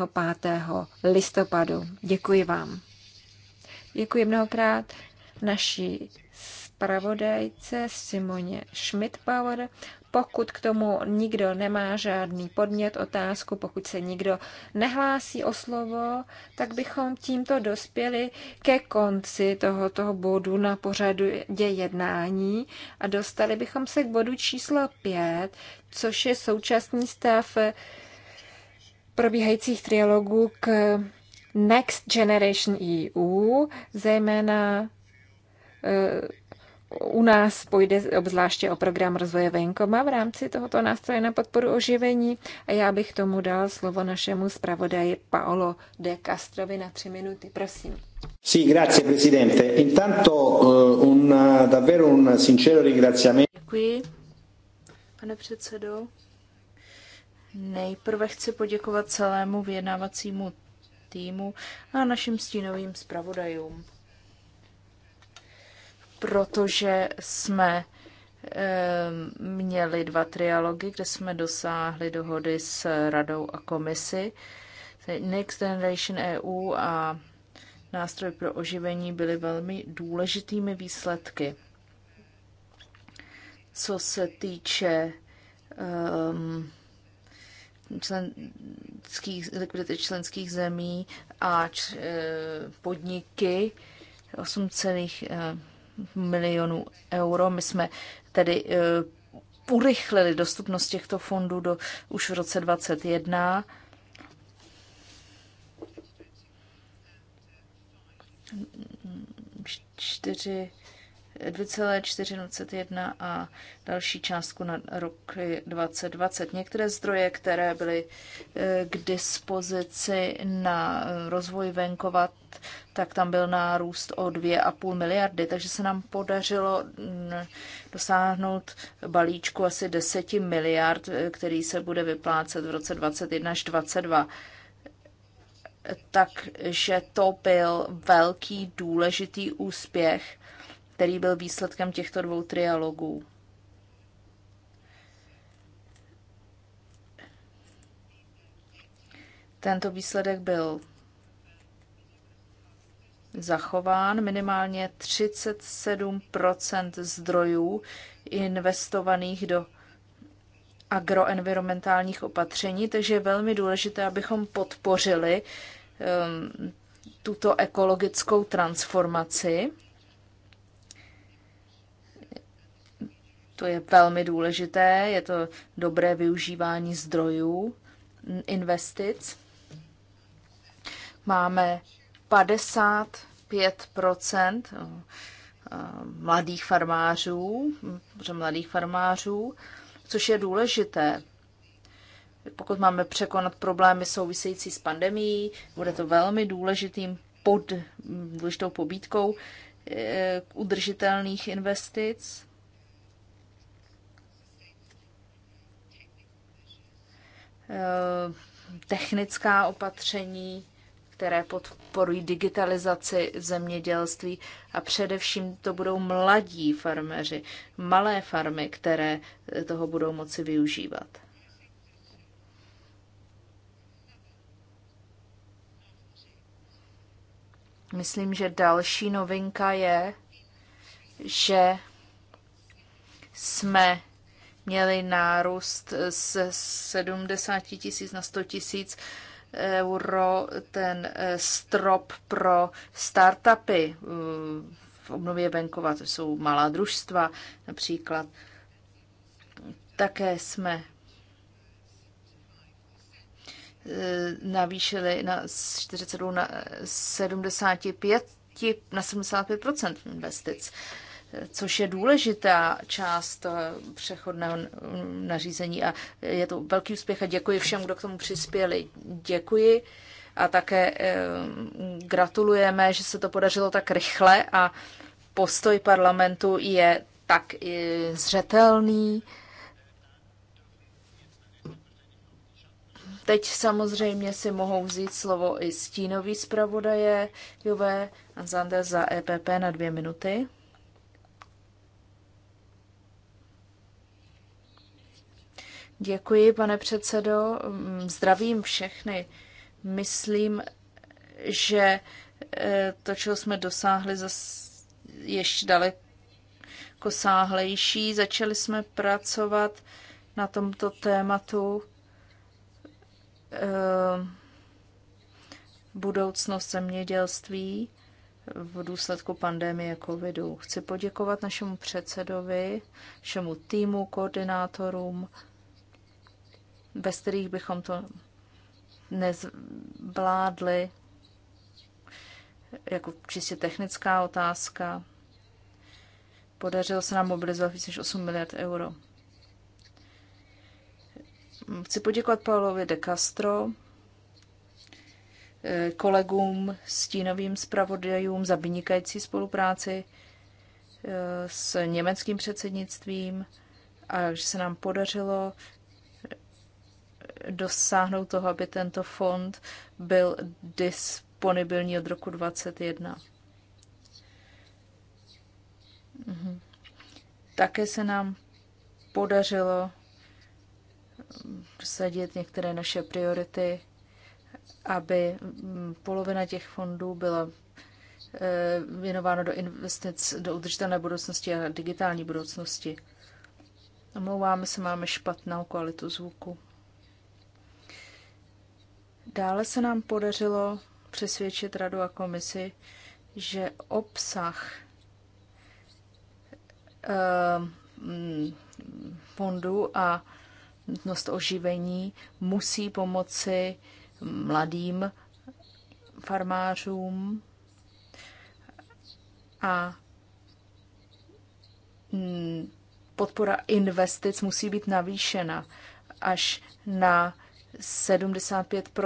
D: listopadu. Děkuji vám. Děkuji mnohokrát naší zpravodajce Simoně Schmidt-Power. Pokud k tomu nikdo nemá žádný podmět otázku, pokud se nikdo nehlásí o slovo, tak bychom tímto dospěli ke konci tohoto bodu na pořadu jednání a dostali bychom se k bodu číslo 5, což je současný stav probíhajících trialogů k Next Generation EU, zejména u nás půjde obzvláště o program rozvoje venkoma v rámci tohoto nástroje na podporu oživení a já bych tomu dal slovo našemu zpravodaji Paolo de Castrovi na tři minuty. Prosím.
A: Sì, grazie Presidente. Intanto uh, un, davvero un sincero ringraziamento.
D: Děkuji, pane
C: předsedo. Nejprve chci poděkovat celému vyjednávacímu týmu a našim stínovým zpravodajům protože jsme eh, měli dva trialogy, kde jsme dosáhli dohody s radou a komisi. Next Generation EU a nástroj pro oživení byly velmi důležitými výsledky. Co se týče um, členských, likvidity členských zemí a č, eh, podniky 8,1 milionů euro. My jsme tedy eh, urychlili dostupnost těchto fondů do, už v roce 2021. Čtyři 2,401 a další částku na rok 2020. Některé zdroje, které byly eh, k dispozici na eh, rozvoj venkovat, tak tam byl nárůst o 2,5 miliardy, takže se nám podařilo mm, dosáhnout balíčku asi 10 miliard, eh, který se bude vyplácet v roce 2021 až 2022 takže to byl velký důležitý úspěch který byl výsledkem těchto dvou trialogů. Tento výsledek byl zachován minimálně 37 zdrojů investovaných do agroenvironmentálních opatření, takže je velmi důležité, abychom podpořili um, tuto ekologickou transformaci To je velmi důležité, je to dobré využívání zdrojů, investic. Máme 55 eh, eh, mladých farmářů, mladých farmářů, což je důležité. Pokud máme překonat problémy související s pandemí, bude to velmi důležitým pod, důležitou pobídkou eh, udržitelných investic Eh, technická opatření, které podporují digitalizaci zemědělství a především to budou mladí farmeři, malé farmy, které eh, toho budou moci využívat. Myslím, že další novinka je, že jsme měli nárůst z 70 tisíc na 100 tisíc euro ten eh, strop pro startupy eh, v obnově venkova, to jsou malá družstva například. Také jsme eh, navýšili na 42 na 75 na 75 investic což je důležitá část eh, přechodného nařízení a je to velký úspěch a děkuji všem, kdo k tomu přispěli. Děkuji a také eh, gratulujeme, že se to podařilo tak rychle a postoj parlamentu je tak eh, zřetelný. Teď samozřejmě si mohou vzít slovo i stínový zpravodaje Jové Anzander za EPP na dvě minuty. Děkuji, pane předsedo. Mm, zdravím všechny. Myslím, že eh, to, čeho jsme dosáhli, ještě daleko sáhlejší. Začali jsme pracovat na tomto tématu eh, budoucnost zemědělství v důsledku pandemie covidu. Chci poděkovat našemu předsedovi, všemu týmu, koordinátorům, bez kterých bychom to nezvládli, jako čistě technická otázka. Podařilo se nám mobilizovat více než 8 miliard euro. Chci poděkovat Paulovi de Castro, eh, kolegům, stínovým zpravodajům za vynikající spolupráci eh, s německým předsednictvím a že se nám podařilo dosáhnout toho, aby tento fond byl disponibilní od roku 2021. Mhm. Také se nám podařilo mm, prosadit některé naše priority, aby mm, polovina těch fondů byla eh, věnováno do investic do udržitelné budoucnosti a digitální budoucnosti. Omlouváme se, máme špatnou kvalitu zvuku. Dále se nám podařilo přesvědčit radu a komisi, že obsah eh, mm, fondu a nutnost oživení musí pomoci mladým farmářům a mm, podpora investic musí být navýšena až na 75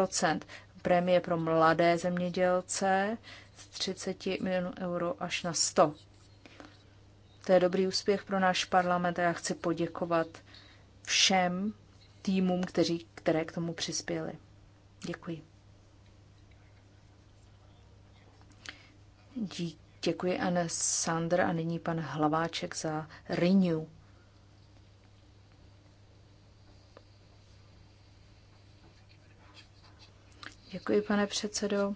C: Prémie pro mladé zemědělce z 30 milionů euro až na 100. To je dobrý úspěch pro náš parlament a já chci poděkovat všem týmům, kteří, které k tomu přispěli. Děkuji. Díky. Děkuji Anne Sandr, a nyní pan Hlaváček za Renew. Děkuji, pane předsedo.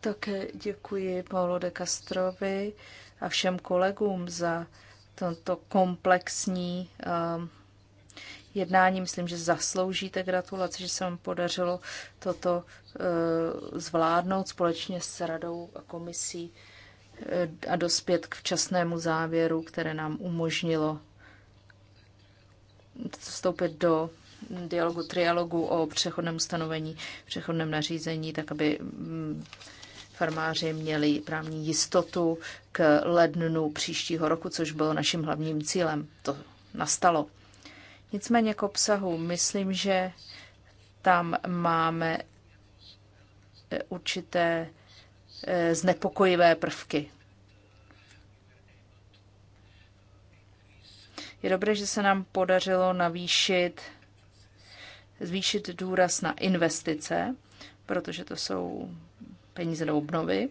C: Také děkuji Paulo de Castrovi a všem kolegům za tento komplexní um, jednání. Myslím, že zasloužíte gratulaci, že se vám podařilo toto uh, zvládnout společně s radou a komisí uh, a dospět k včasnému závěru, které nám umožnilo vstoupit do dialogu, trialogu o přechodném stanovení, přechodném nařízení, tak aby mm, farmáři měli právní jistotu k lednu příštího roku, což bylo naším hlavním cílem. To nastalo. Nicméně k obsahu. Myslím, že tam máme e, určité e, znepokojivé prvky. Je dobré, že se nám podařilo navýšit zvýšit důraz na investice, protože to jsou peníze do obnovy.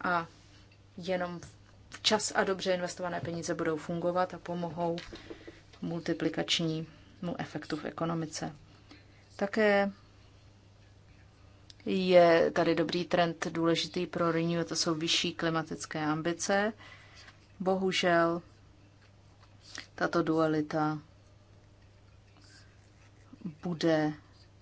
C: A jenom včas a dobře investované peníze budou fungovat a pomohou multiplikačnímu efektu v ekonomice. Také je tady dobrý trend důležitý pro Renew, to jsou vyšší klimatické ambice. Bohužel tato dualita bude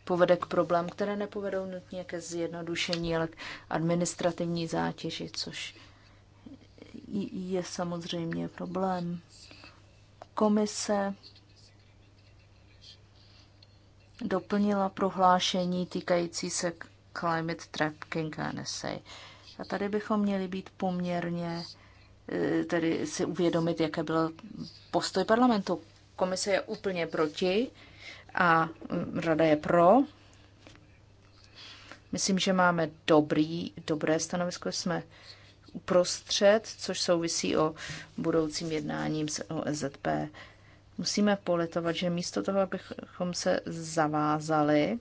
C: povede k problém, které nepovedou nutně ke zjednodušení, ale k administrativní zátěži, což je samozřejmě problém. Komise doplnila prohlášení týkající se Climate Trapping NSA. A tady bychom měli být poměrně Eh, tedy si uvědomit, jaké byl postoj parlamentu. Komise je úplně proti a mm, rada je pro. Myslím, že máme dobrý, dobré stanovisko, jsme uprostřed, což souvisí o budoucím jednáním s OSZP. Musíme poletovat, že místo toho, abychom se zavázali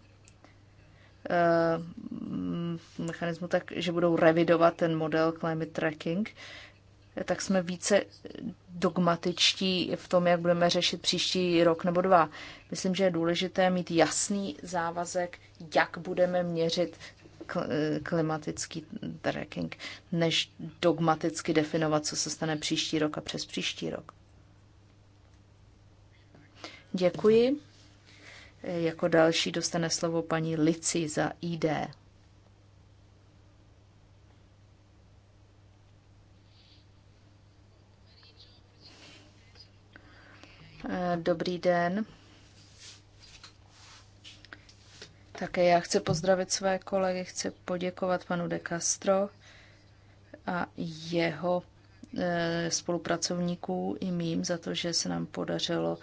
C: eh, mm, mechanismu tak, že budou revidovat ten model climate tracking, tak jsme více dogmatičtí v tom, jak budeme řešit příští rok nebo dva. Myslím, že je důležité mít jasný závazek, jak budeme měřit klimatický tracking, než dogmaticky definovat, co se stane příští rok a přes příští rok. Děkuji. Jako další dostane slovo paní Lici za ID. Eh, dobrý den. Také já chci pozdravit své kolegy, chci poděkovat panu De Castro a jeho eh, spolupracovníků i mým za to, že se nám podařilo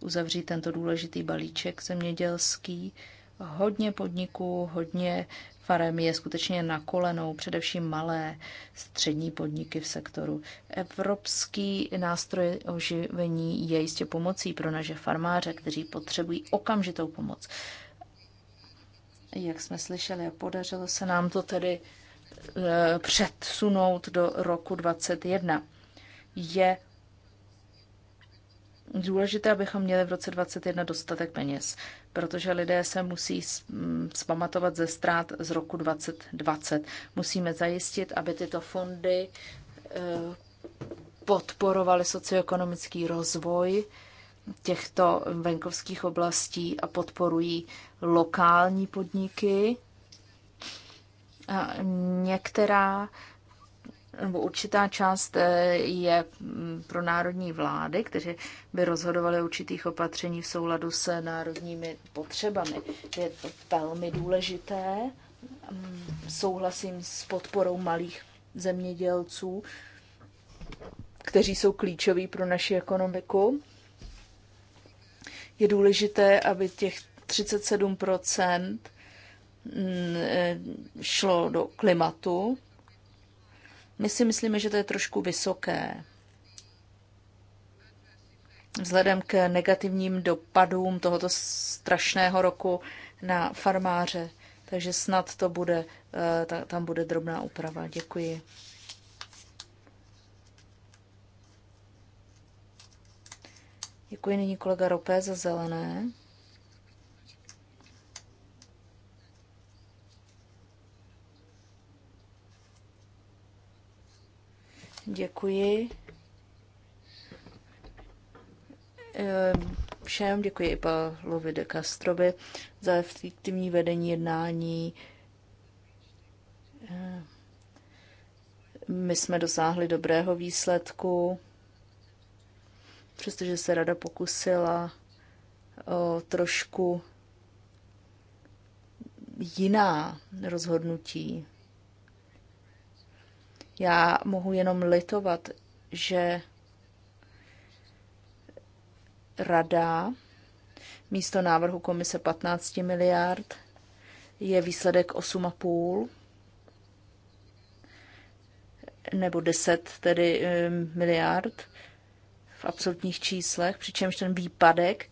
C: uzavřít tento důležitý balíček zemědělský. Hodně podniků, hodně farem je skutečně na kolenou, především malé střední podniky v sektoru. Evropský nástroj oživení je jistě pomocí pro naše farmáře, kteří potřebují okamžitou pomoc. Jak jsme slyšeli, podařilo se nám to tedy e, předsunout do roku 2021. Je důležité, abychom měli v roce 2021 dostatek peněz protože lidé se musí spamatovat mm, ze ztrát z roku 2020. Musíme zajistit, aby tyto fondy eh, podporovaly socioekonomický rozvoj těchto venkovských oblastí a podporují lokální podniky. A některá nebo určitá část eh, je mm, pro národní vlády, kteří by rozhodovali určitých opatření v souladu s národními potřebami. Je to velmi důležité. Mm, souhlasím s podporou malých zemědělců, kteří jsou klíčoví pro naši ekonomiku. Je důležité, aby těch 37 mm, eh, šlo do klimatu, my si myslíme, že to je trošku vysoké. Vzhledem k negativním dopadům tohoto strašného roku na farmáře. Takže snad to bude, eh, tam bude drobná úprava. Děkuji. Děkuji nyní kolega Ropé za zelené. Děkuji. Ehm, všem děkuji i Pavlovi de Castrovi za efektivní vedení jednání. Ehm, my jsme dosáhli dobrého výsledku, přestože se rada pokusila o trošku jiná rozhodnutí. Já mohu jenom litovat, že rada místo návrhu komise 15 miliard je výsledek 8,5 nebo 10 tedy eh, miliard v absolutních číslech, přičemž ten výpadek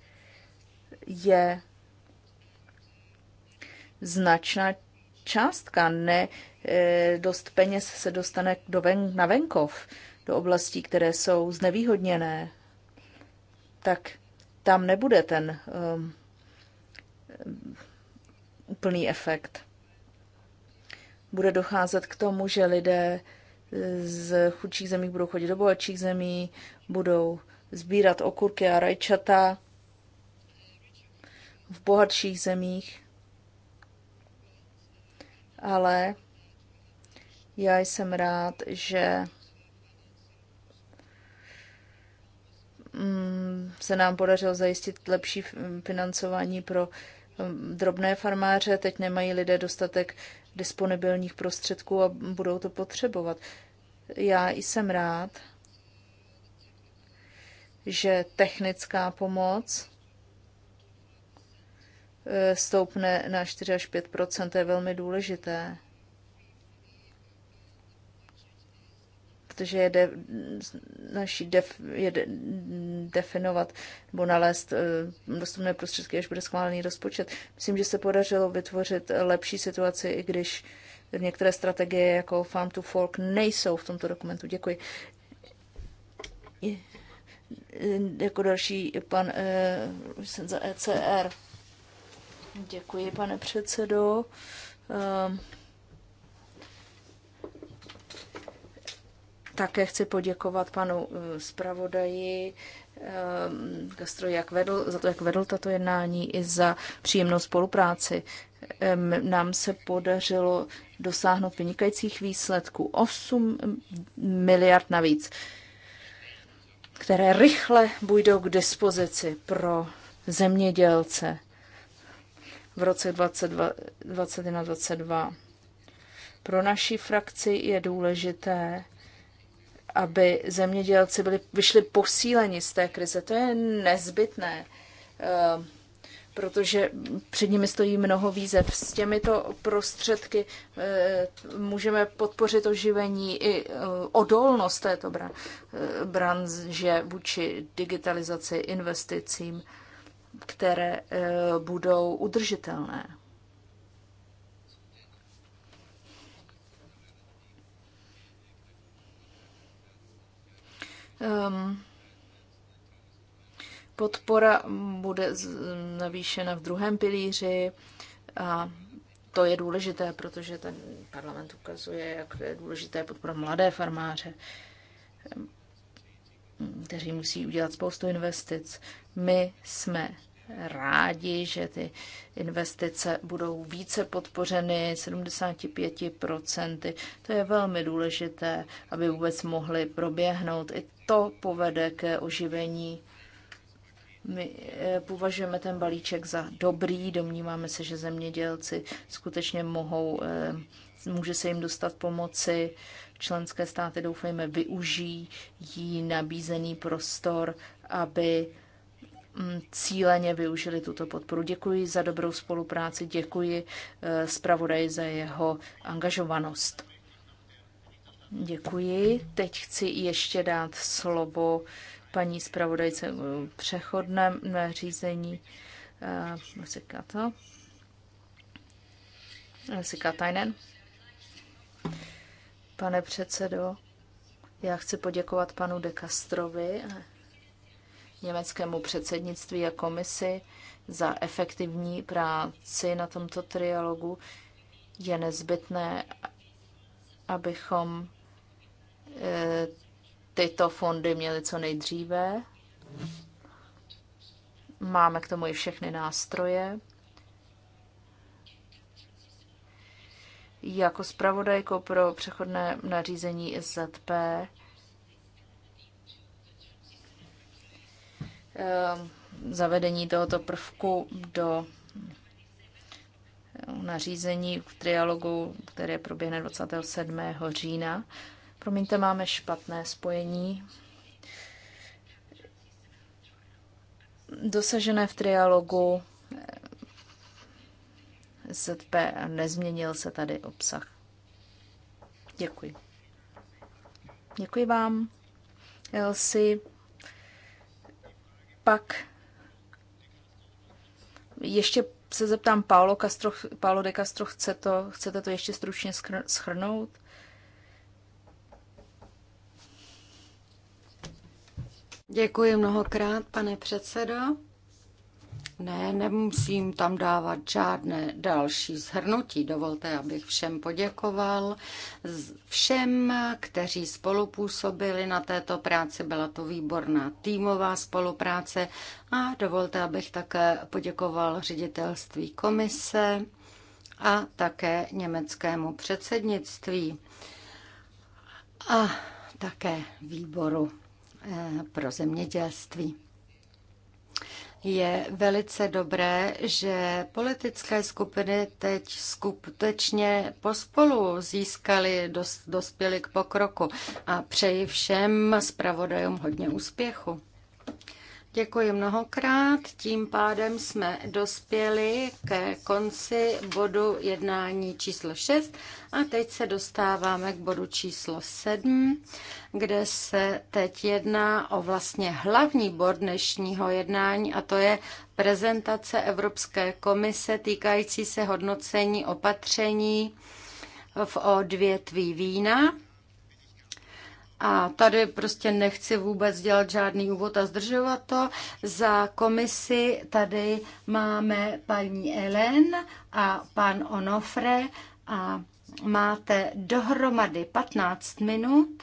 C: je značná částka, ne eh, dost peněz se dostane do ven, na venkov, do oblastí, které jsou znevýhodněné, tak tam nebude ten um, úplný efekt. Bude docházet k tomu, že lidé eh, z chudších zemí budou chodit do bohatších zemí, budou sbírat okurky a rajčata v bohatších zemích ale já jsem rád, že mm, se nám podařilo zajistit lepší financování pro mm, drobné farmáře. Teď nemají lidé dostatek disponibilních prostředků a budou to potřebovat. Já jsem rád, že technická pomoc E, stoupne na 4 až 5 to je velmi důležité. Protože je de, naší def, je de, definovat nebo nalézt e, dostupné prostředky, až bude schválený rozpočet. Myslím, že se podařilo vytvořit lepší situaci, i když některé strategie jako Farm to Fork nejsou v tomto dokumentu. Děkuji. Jako další pan eh, za ECR. Děkuji, pane předsedo. Ehm, také chci poděkovat panu eh, zpravodaji Castro, ehm, jak vedl, za to, jak vedl tato jednání, i za příjemnou spolupráci. Ehm, nám se podařilo dosáhnout vynikajících výsledků. 8 miliard navíc, které rychle budou k dispozici pro zemědělce v roce 2021-2022. Pro naší frakci je důležité, aby zemědělci byli, vyšli posíleni z té krize. To je nezbytné, eh, protože před nimi stojí mnoho výzev. S těmito prostředky eh, můžeme podpořit oživení i eh, odolnost této branže vůči digitalizaci, investicím které eh, budou udržitelné. Ehm, podpora bude navýšena v druhém pilíři a to je důležité, protože ten parlament ukazuje, jak je důležité podpora mladé farmáře, ehm, kteří musí udělat spoustu investic. My jsme rádi, že ty investice budou více podpořeny 75%. To je velmi důležité, aby vůbec mohly proběhnout. I to povede k oživení. My eh, považujeme ten balíček za dobrý, domníváme se, že zemědělci skutečně mohou, eh, může se jim dostat pomoci. Členské státy, doufejme, využijí nabízený prostor, aby Mm, cíleně využili tuto podporu. Děkuji za dobrou spolupráci, děkuji eh, zpravodaji za jeho angažovanost. Děkuji. Teď chci ještě dát slovo paní zpravodajce přechodném řízení. Sikata. Eh, Sikatajnen. Pane předsedo, já chci poděkovat panu De Castrovi německému předsednictví a komisi za efektivní práci na tomto trialogu. Je nezbytné, abychom e, tyto fondy měli co nejdříve. Máme k tomu i všechny nástroje. Jako zpravodajko pro přechodné nařízení SZP Eh, zavedení tohoto prvku do eh, nařízení k trialogu, které proběhne 27. října. Promiňte, máme špatné spojení. Dosažené v trialogu eh, ZP a nezměnil se tady obsah. Děkuji. Děkuji vám, Elsie pak ještě se zeptám Paolo, Castro, Paolo de Castro, chce to, chcete to ještě stručně
B: schrnout? Děkuji mnohokrát, pane předsedo. Ne, nemusím tam dávat žádné další zhrnutí. Dovolte, abych všem poděkoval. Všem, kteří spolupůsobili na této práci, byla to výborná týmová spolupráce. A dovolte, abych také poděkoval ředitelství komise a také německému předsednictví a také výboru eh, pro zemědělství je velice dobré, že politické skupiny teď skutečně pospolu získaly dos, dospěli k pokroku a přeji všem zpravodajům hodně úspěchu. Děkuji mnohokrát. Tím pádem jsme dospěli ke konci bodu jednání číslo 6 a teď se dostáváme k bodu číslo 7, kde se teď jedná o vlastně hlavní bod dnešního jednání a to je prezentace Evropské komise týkající se hodnocení opatření v odvětví vína a tady prostě nechci vůbec dělat žádný úvod a zdržovat to. Za komisi tady máme paní Ellen a pan Onofre a máte dohromady 15 minut.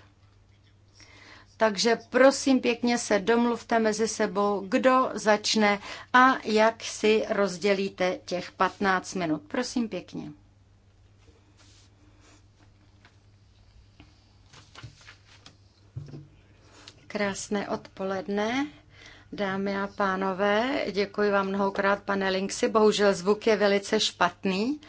B: Takže prosím pěkně se domluvte mezi sebou, kdo začne a jak si rozdělíte těch 15 minut. Prosím pěkně. Krásné odpoledne. Dámy a pánové, děkuji vám mnohokrát, pane Linksy. Bohužel zvuk je velice špatný.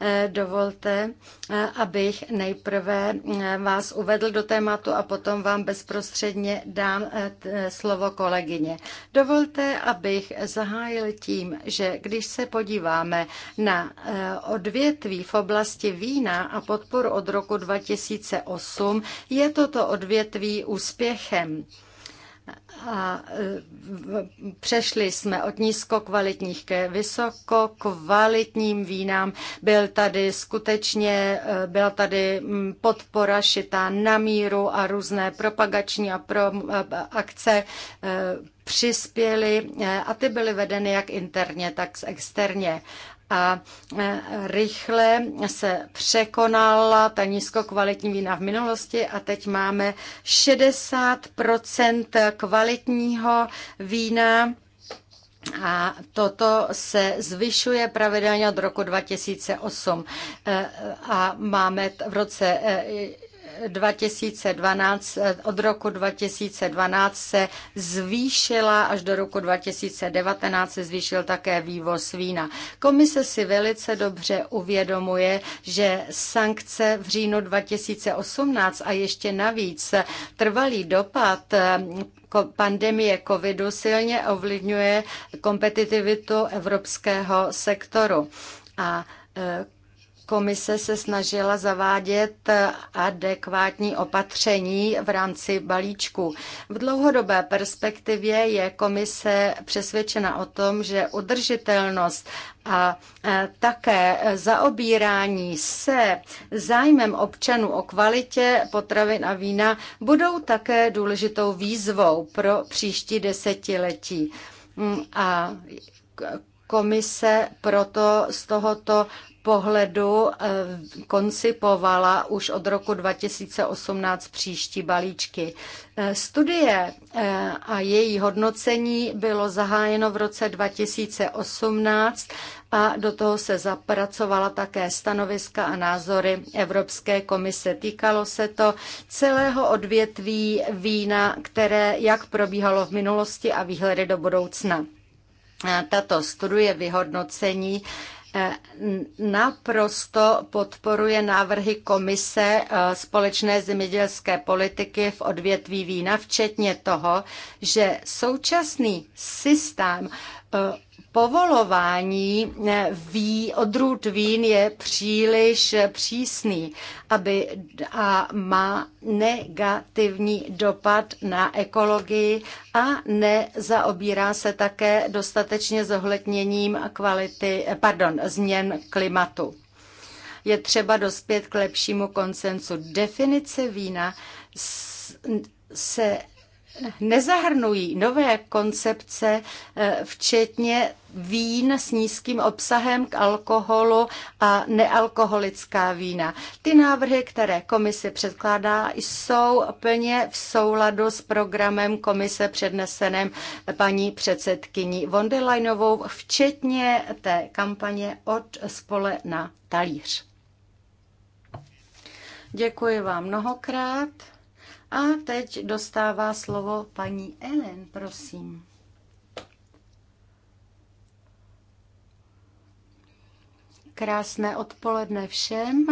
B: Eh, dovolte, eh, abych nejprve eh, vás uvedl do tématu a potom vám bezprostředně dám slovo kolegyně. Dovolte, abych zahájil tím, že když se podíváme na odvětví v oblasti vína a podporu od roku 2008, je toto odvětví úspěchem a e, přešli jsme od nízkokvalitních ke vysokokvalitním vínám. Byl tady skutečně, e, byla tady podpora šitá na míru a různé propagační a pro, akce e, přispěly a ty byly vedeny jak interně, tak externě a e, rychle se překonala ta nízkokvalitní vína v minulosti a teď máme 60% kvalitního vína a toto se zvyšuje pravidelně od roku 2008 e, e, a máme v roce 2012, od roku 2012 se zvýšila až do roku 2019 se zvýšil také vývoz vína. Komise si velice dobře uvědomuje, že sankce v říjnu 2018 a ještě navíc trvalý dopad eh, pandemie covidu silně ovlivňuje kompetitivitu evropského sektoru. A eh, Komise se snažila zavádět adekvátní opatření v rámci balíčku. V dlouhodobé perspektivě je komise přesvědčena o tom, že udržitelnost a e, také zaobírání se zájmem občanů o kvalitě potravin a vína budou také důležitou výzvou pro příští desetiletí. Mm, a komise proto z tohoto pohledu eh, koncipovala už od roku 2018 příští balíčky. Eh, studie eh, a její hodnocení bylo zahájeno v roce 2018 a do toho se zapracovala také stanoviska a názory Evropské komise. Týkalo se to celého odvětví vína, které jak probíhalo v minulosti a výhledy do budoucna. Tato studie vyhodnocení naprosto podporuje návrhy komise eh, společné zemědělské politiky v odvětví vína, včetně toho, že současný systém povolování ví, odrůd vín je příliš přísný aby, a má negativní dopad na ekologii a nezaobírá se také dostatečně zohledněním kvality, pardon, změn klimatu. Je třeba dospět k lepšímu konsensu. Definice vína se nezahrnují nové koncepce, eh, včetně vín s nízkým obsahem k alkoholu a nealkoholická vína. Ty návrhy, které komise předkládá, jsou plně v souladu s programem komise předneseném paní předsedkyní Vondelajnovou, včetně té kampaně od spole na talíř. Děkuji vám mnohokrát. A teď dostává slovo paní Ellen, prosím. Krásné odpoledne všem.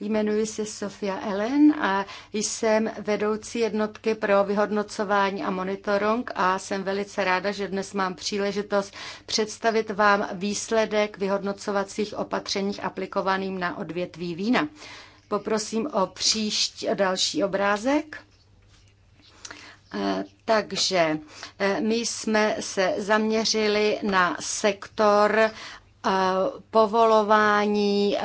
B: Jmenuji se Sofia Ellen a jsem vedoucí jednotky pro vyhodnocování a monitoring a jsem velice ráda, že dnes mám příležitost představit vám výsledek vyhodnocovacích opatřeních aplikovaným na odvětví vína. Poprosím o příští další obrázek. Eh, takže eh, my jsme se zaměřili na sektor eh, povolování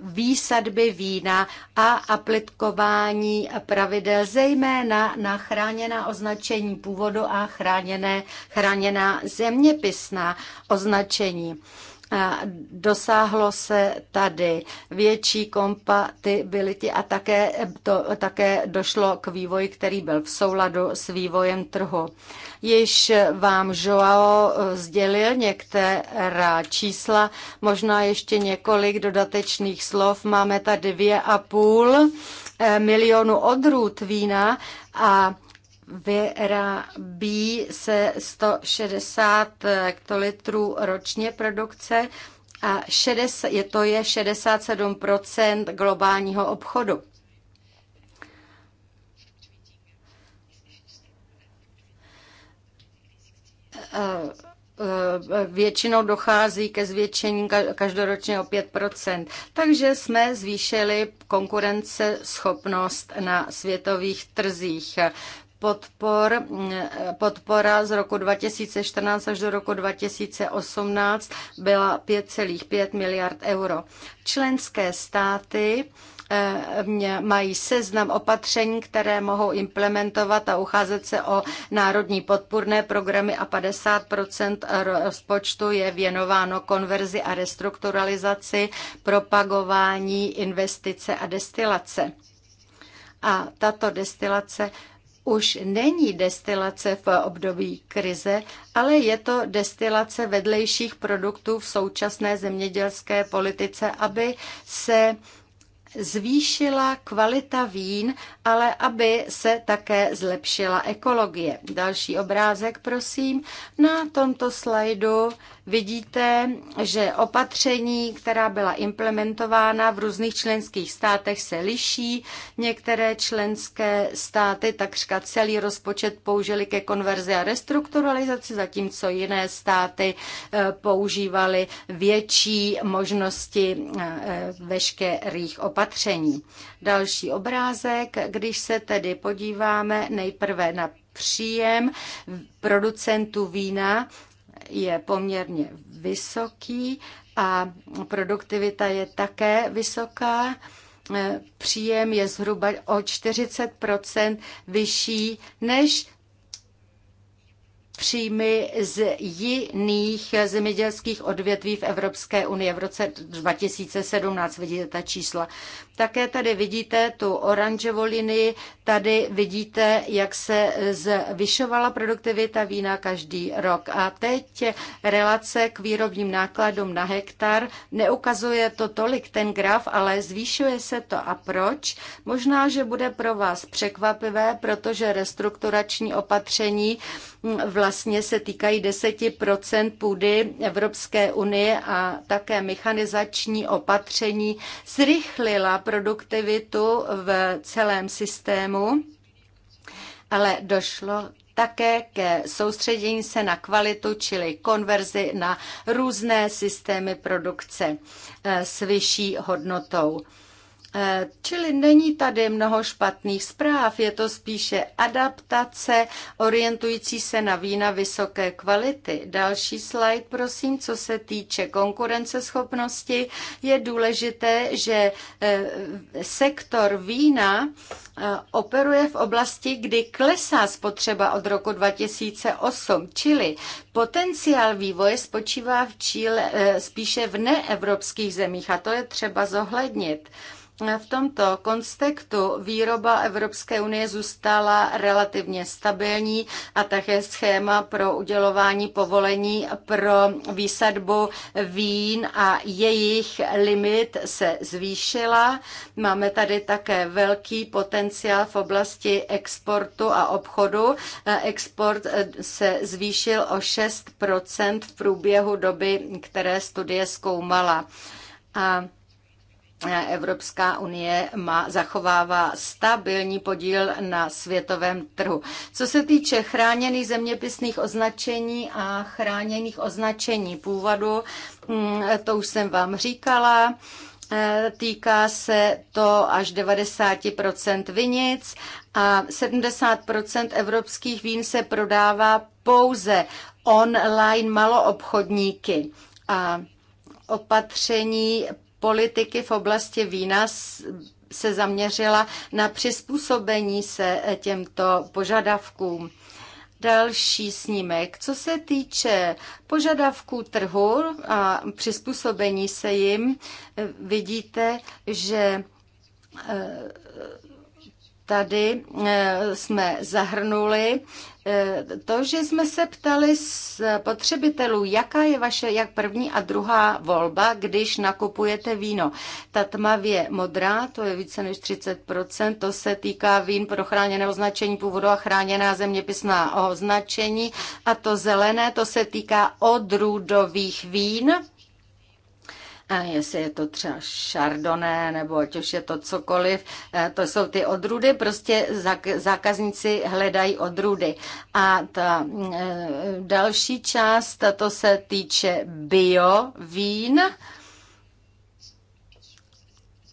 B: výsadby vína a aplikování pravidel, zejména na chráněná označení původu a chráněné, chráněná zeměpisná označení dosáhlo se tady větší kompatibility a také, to, také došlo k vývoji, který byl v souladu s vývojem trhu. Již vám Joao sdělil některá čísla, možná ještě několik dodatečných slov. Máme tady dvě a půl eh, milionu odrůd vína a vyrábí se 160 hektolitrů ročně produkce a 60, je to je 67 globálního obchodu. většinou dochází ke zvětšení každoročně o 5 Takže jsme zvýšili konkurenceschopnost na světových trzích podpor, podpora z roku 2014 až do roku 2018 byla 5,5 miliard euro. Členské státy eh, mají seznam opatření, které mohou implementovat a ucházet se o národní podpůrné programy a 50 rozpočtu je věnováno konverzi a restrukturalizaci, propagování, investice a destilace. A tato destilace už není destilace v období krize, ale je to destilace vedlejších produktů v současné zemědělské politice, aby se zvýšila kvalita vín, ale aby se také zlepšila ekologie. Další obrázek, prosím. Na tomto slajdu vidíte, že opatření, která byla implementována v různých členských státech, se liší. Některé členské státy takřka celý rozpočet použili ke konverzi a restrukturalizaci, zatímco jiné státy eh, používaly větší možnosti eh, eh, veškerých opatření opatření. Další obrázek, když se tedy podíváme nejprve na příjem producentů vína, je poměrně vysoký a produktivita je také vysoká příjem je zhruba o 40 vyšší než příjmy z jiných zemědělských odvětví v Evropské unii v roce 2017. Vidíte ta čísla. Také tady vidíte tu oranžovou linii, tady vidíte, jak se zvyšovala produktivita vína každý rok. A teď relace k výrobním nákladům na hektar neukazuje to tolik ten graf, ale zvýšuje se to. A proč? Možná, že bude pro vás překvapivé, protože restrukturační opatření vlastně se týkají 10% půdy Evropské unie a také mechanizační opatření zrychlila produktivitu v celém systému, ale došlo také ke soustředění se na kvalitu, čili konverzi na různé systémy produkce eh, s vyšší hodnotou. Eh, čili není tady mnoho špatných zpráv, je to spíše adaptace orientující se na vína vysoké kvality. Další slide, prosím, co se týče konkurenceschopnosti, je důležité, že eh, sektor vína eh, operuje v oblasti, kdy klesá spotřeba od roku 2008, čili potenciál vývoje spočívá v Číle, spíše v neevropských zemích a to je třeba zohlednit. V tomto kontextu výroba Evropské unie zůstala relativně stabilní a také schéma pro udělování povolení pro výsadbu vín a jejich limit se zvýšila. Máme tady také velký potenciál v oblasti exportu a obchodu. Export eh, se zvýšil o 6 v průběhu doby, které studie zkoumala. A Evropská unie má, zachovává stabilní podíl na světovém trhu. Co se týče chráněných zeměpisných označení a chráněných označení původu, mm, to už jsem vám říkala. E, týká se to až 90 vinic a 70 evropských vín se prodává pouze online maloobchodníky. A opatření politiky v oblasti vína se zaměřila na přizpůsobení se těmto požadavkům. Další snímek. Co se týče požadavků trhu a přizpůsobení se jim, vidíte, že eh, Tady eh, jsme zahrnuli eh, to, že jsme se ptali spotřebitelů, jaká je vaše jak první a druhá volba, když nakupujete víno. Ta tmavě modrá, to je více než 30%, to se týká vín pro chráněné označení původu a chráněná zeměpisná označení. A to zelené, to se týká odrůdových vín a jestli je to třeba šardoné, nebo ať už je to cokoliv, eh, to jsou ty odrůdy, prostě zákazníci hledají odrůdy. A ta mm, eh, další část, to se týče bio vín,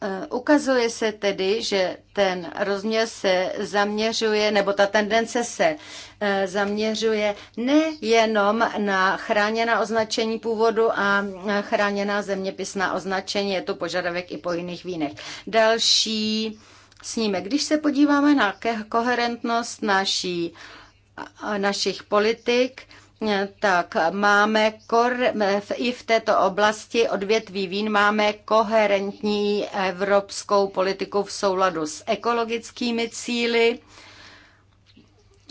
B: Eh, ukazuje se tedy, že ten rozměr se zaměřuje, nebo ta tendence se eh, zaměřuje nejenom na chráněná označení původu a eh, chráněná zeměpisná označení, je to požadavek i po jiných vínech. Další snímek. Když se podíváme na koherentnost naší, našich politik, Eh, tak máme i v této oblasti odvětví vín máme koherentní evropskou politiku v souladu s ekologickými cíly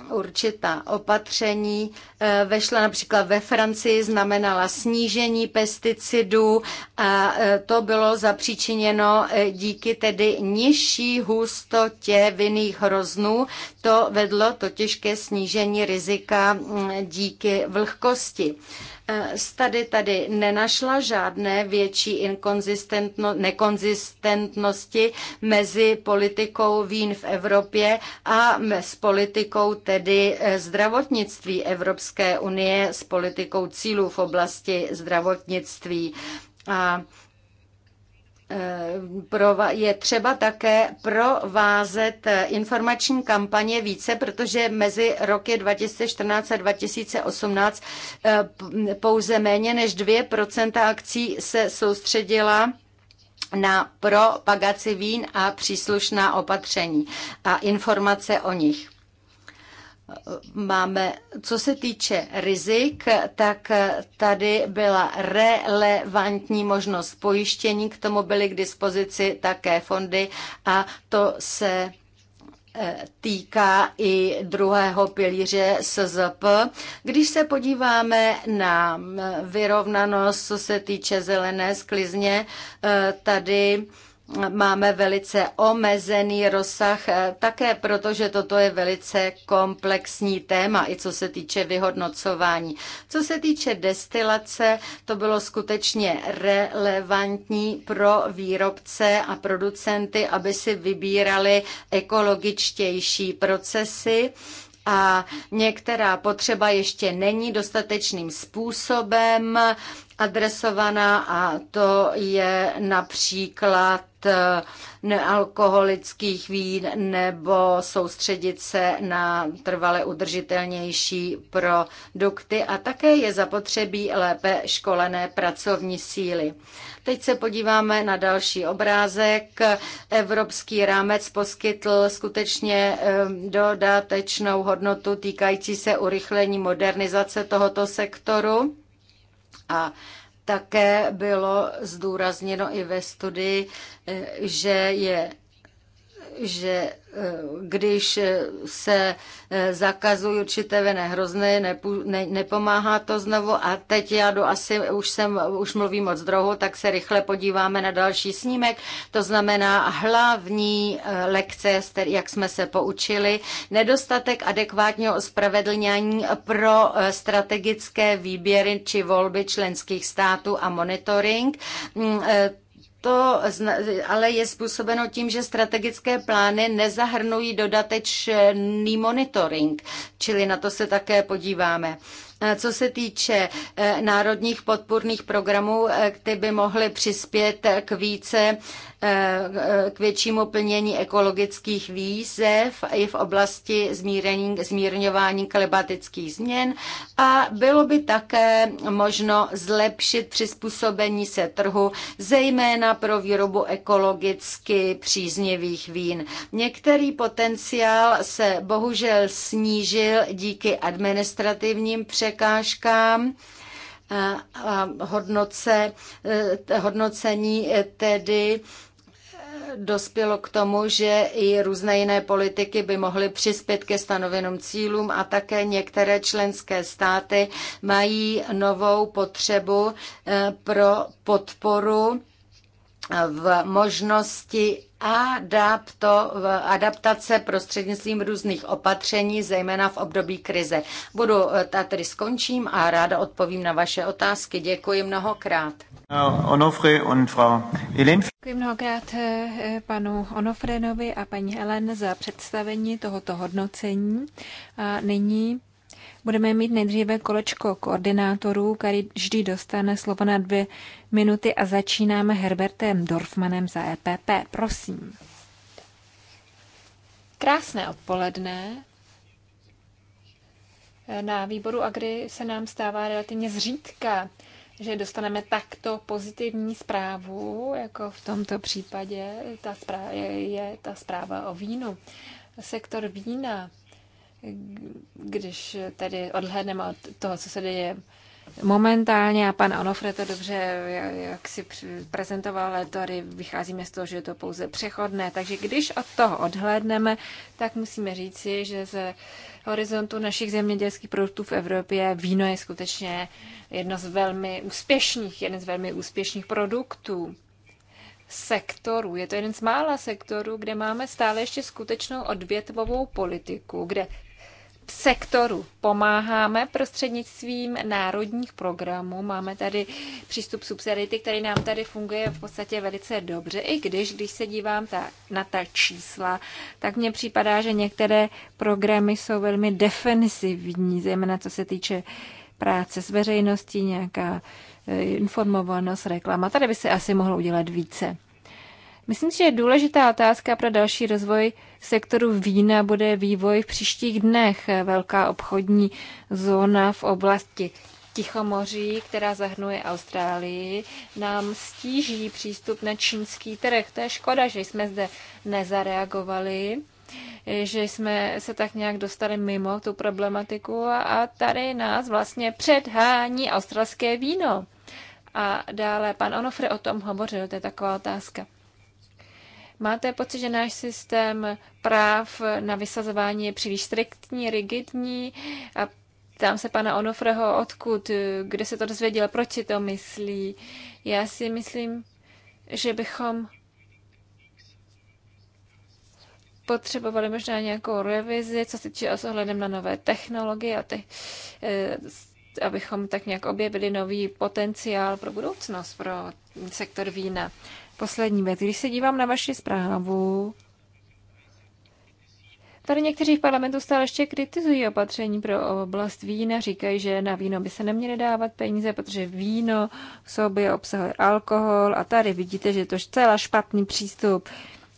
B: určitá opatření eh, vešla například ve Francii, znamenala snížení pesticidů a eh, to bylo zapříčiněno eh, díky tedy nižší hustotě vinných hroznů. To vedlo totiž ke snížení rizika mm, díky vlhkosti. Eh, tady tady nenašla žádné větší nekonzistentnosti mezi politikou vín v Evropě a s politikou tedy eh, zdravotnictví Evropské unie s politikou cílů v oblasti zdravotnictví. A Eh, je třeba také provázet eh, informační kampaně více, protože mezi roky 2014 a 2018 eh, pouze méně než 2% akcí se soustředila na propagaci vín a příslušná opatření a informace o nich máme, co se týče rizik, tak tady byla relevantní možnost pojištění, k tomu byly k dispozici také fondy a to se e, týká i druhého pilíře SZP. Když se podíváme na vyrovnanost, co se týče zelené sklizně, e, tady máme velice omezený rozsah, eh, také protože toto je velice komplexní téma, i co se týče vyhodnocování. Co se týče destilace, to bylo skutečně relevantní pro výrobce a producenty, aby si vybírali ekologičtější procesy a některá potřeba ještě není dostatečným způsobem adresovaná a to je například eh, nealkoholických vín nebo soustředit se na trvale udržitelnější produkty a také je zapotřebí lépe školené pracovní síly. Teď se podíváme na další obrázek. Evropský rámec poskytl skutečně eh, dodatečnou hodnotu týkající se urychlení modernizace tohoto sektoru a také bylo zdůrazněno i ve studii, že je že když se eh, zakazují určité vené hrozné, nepů, ne, nepomáhá to znovu a teď já jdu asi, už, jsem, už mluvím moc dlouho, tak se rychle podíváme na další snímek, to znamená hlavní eh, lekce, jak jsme se poučili, nedostatek adekvátního ospravedlňání pro eh, strategické výběry či volby členských států a monitoring, mm, to ale je způsobeno tím, že strategické plány nezahrnují dodatečný monitoring, čili na to se také podíváme. Co se týče e, národních podpůrných programů, e, ty by mohly přispět k více k většímu plnění ekologických výzev i v oblasti zmírení, zmírňování klimatických změn a bylo by také možno zlepšit přizpůsobení se trhu, zejména pro výrobu ekologicky příznivých vín. Některý potenciál se bohužel snížil díky administrativním překážkám a hodnoce, eh, hodnocení eh, tedy dospělo k tomu, že i různé jiné politiky by mohly přispět ke stanoveným cílům a také některé členské státy mají novou potřebu eh, pro podporu v možnosti adapto, adaptace prostřednictvím různých opatření, zejména v období krize. Budu, eh, tady skončím a ráda odpovím na vaše otázky. Děkuji mnohokrát.
A: Onofre und Frau Helen.
B: Děkuji mnohokrát eh, eh, panu
D: Onofrenovi a paní Helen za představení tohoto hodnocení. A nyní Budeme mít nejdříve kolečko koordinátorů, který vždy dostane slovo na dvě minuty a začínáme Herbertem Dorfmanem za EPP. Prosím. Krásné odpoledne. Na výboru Agri se nám stává relativně zřídka, že dostaneme takto pozitivní zprávu, jako v tomto případě ta zpráva je, je ta zpráva o vínu. Sektor vína když tedy odhlédneme od toho, co se děje momentálně, a pan Onofre to dobře jak si prezentoval, ale tady vycházíme z toho, že je to pouze přechodné. Takže když od toho odhlédneme, tak musíme říci, že ze horizontu našich zemědělských produktů v Evropě víno je skutečně jedno z velmi úspěšných, jeden z velmi úspěšných produktů sektorů. Je to jeden z mála sektorů, kde máme stále ještě skutečnou odvětvovou politiku, kde sektoru pomáháme prostřednictvím národních programů. Máme tady přístup subsidiarity, který nám tady funguje v podstatě velice dobře, i když, když se dívám ta, na ta čísla, tak mně připadá, že některé programy jsou velmi defensivní, zejména co se týče práce s veřejností, nějaká eh, informovanost, reklama. Tady by se asi mohlo udělat více. Myslím si, že důležitá otázka pro další rozvoj sektoru vína bude vývoj v příštích dnech. Velká obchodní zóna v oblasti Tichomoří, která zahrnuje Austrálii, nám stíží přístup na čínský trh. To je škoda, že jsme zde nezareagovali že jsme se tak nějak dostali mimo tu problematiku a tady nás vlastně předhání australské víno. A dále pan Onofre o tom hovořil, to je taková otázka. Máte pocit, že náš systém práv na vysazování je příliš striktní, rigidní a Ptám se pana Onofreho, odkud, kde se to dozvěděl, proč si to myslí. Já si myslím, že bychom potřebovali možná nějakou revizi, co se týče s ohledem na nové technologie, a ty, eh, abychom tak nějak objevili nový potenciál pro budoucnost, pro sektor vína poslední věc. Když se dívám na vaši zprávu, Tady někteří v parlamentu stále ještě kritizují opatření pro oblast vína, říkají, že na víno by se neměly dávat peníze, protože víno v sobě obsahuje alkohol a tady vidíte, že je to celá špatný přístup.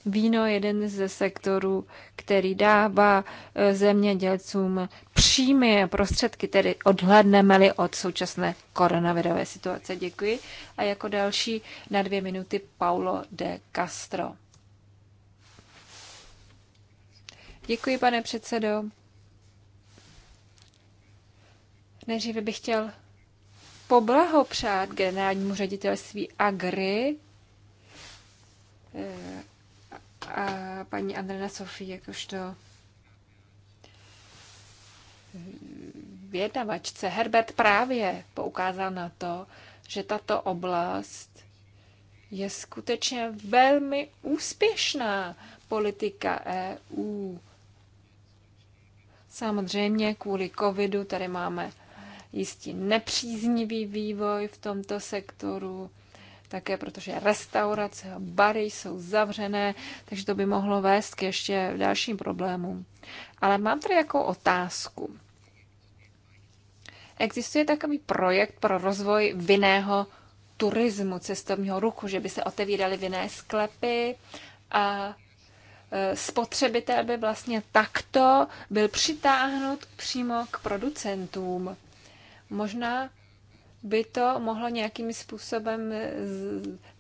D: Víno je jeden ze sektorů, který dává eh, zemědělcům přímé prostředky, tedy odhledneme-li od současné koronavirové situace. Děkuji. A jako další na dvě minuty Paulo de Castro. Děkuji, pane předsedo. Nejdříve bych chtěl poblahopřát generálnímu ředitelství Agri eh, a paní Andrena Sofie jakožto vědavačce. Herbert právě poukázal na to, že tato oblast je skutečně velmi úspěšná politika EU. Samozřejmě kvůli covidu tady máme jistý nepříznivý vývoj v tomto sektoru také protože restaurace a bary jsou zavřené, takže to by mohlo vést k ještě dalším problémům. Ale mám tady jako otázku. Existuje takový projekt pro rozvoj vinného turismu, cestovního ruchu, že by se otevíraly vinné sklepy a e, spotřebitel by vlastně takto byl přitáhnut přímo k producentům. Možná by to mohlo nějakým způsobem eh,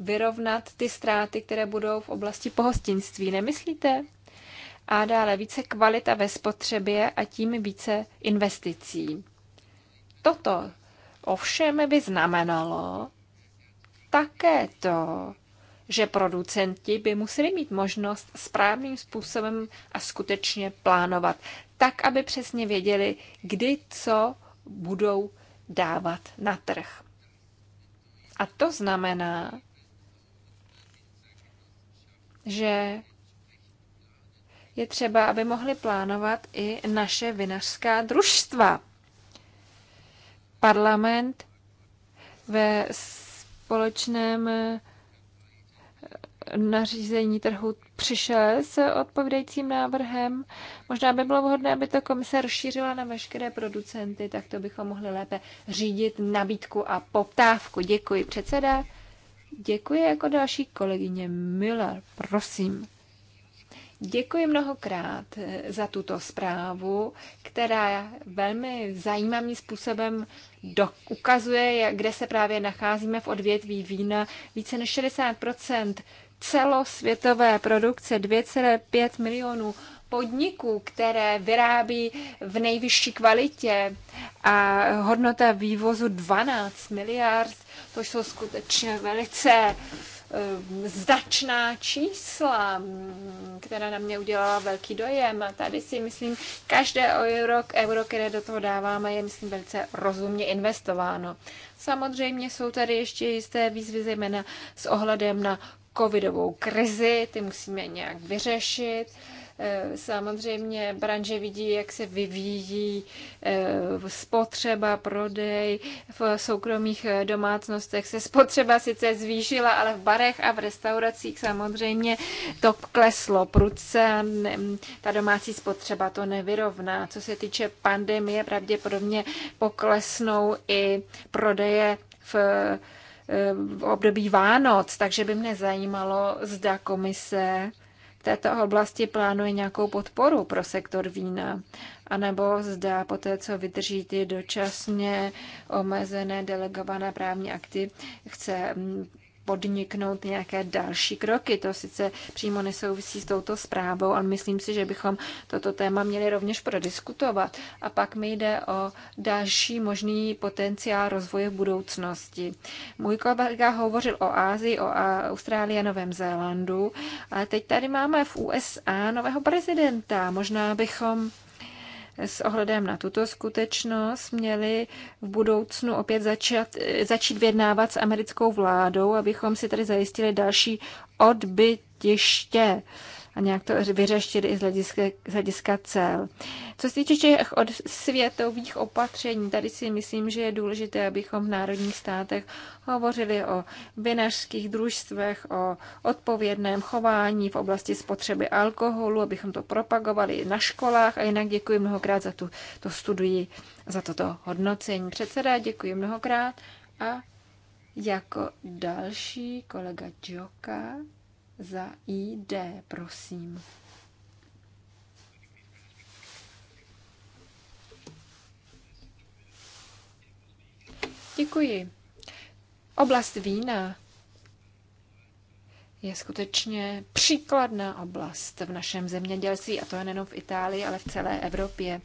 D: vyrovnat ty ztráty, které budou v oblasti pohostinství, nemyslíte? A dále více kvalita ve spotřebě a tím více investicí. Toto ovšem by znamenalo také to, že producenti by museli mít možnost správným způsobem a skutečně plánovat, tak, aby přesně věděli, kdy co budou dávat na trh. A to znamená, že je třeba, aby mohli plánovat i naše vinařská družstva. Parlament ve společném nařízení trhu přišel s odpovídajícím návrhem. Možná by bylo vhodné, aby to komise rozšířila na veškeré producenty, tak to bychom mohli lépe řídit nabídku a poptávku. Děkuji, předseda. Děkuji jako další kolegyně Miller. Prosím. Děkuji mnohokrát za tuto zprávu, která velmi zajímavým způsobem do, ukazuje, kde se právě nacházíme v odvětví vína. Více než 60 celosvětové produkce 2,5 milionů podniků, které vyrábí v nejvyšší kvalitě a hodnota vývozu 12 miliard, to jsou skutečně velice eh, značná čísla, která na mě udělala velký dojem. A tady si myslím, každé euro, euro, které do toho dáváme, je, myslím, velice rozumně investováno. Samozřejmě jsou tady ještě jisté výzvy, zejména s ohledem na covidovou krizi, ty musíme nějak vyřešit. Eh, samozřejmě branže vidí, jak se vyvíjí eh, spotřeba, prodej. V soukromých eh, domácnostech se spotřeba sice zvýšila, ale v barech a v restauracích samozřejmě to kleslo prudce. Ta domácí spotřeba to nevyrovná. Co se týče pandemie, pravděpodobně poklesnou i prodeje v v období Vánoc, takže by mě zajímalo, zda komise v této oblasti plánuje nějakou podporu pro sektor vína, anebo zda po té, co vydrží ty dočasně omezené delegované právní akty, chce mm, podniknout nějaké další kroky. To sice přímo nesouvisí s touto zprávou, ale myslím si, že bychom toto téma měli rovněž prodiskutovat. A pak mi jde o další možný potenciál rozvoje v budoucnosti. Můj kolega hovořil o Ázii, o Austrálii a Novém Zélandu, ale teď tady máme v USA nového prezidenta. Možná bychom s ohledem na tuto skutečnost měli v budoucnu opět začat, začít vyjednávat s americkou vládou, abychom si tady zajistili další odbytiště a nějak to vyřešili i z hlediska, z hlediska cel. Co se týče těch od světových opatření, tady si myslím, že je důležité, abychom v národních státech hovořili o vinařských družstvech, o odpovědném chování v oblasti spotřeby alkoholu, abychom to propagovali na školách a jinak děkuji mnohokrát za tu, to studii, za toto hodnocení. Předseda, děkuji mnohokrát a jako další kolega Joka za ID, prosím. Děkuji. Oblast vína je skutečně příkladná oblast v našem zemědělství, a to je nejenom v Itálii, ale v celé Evropě.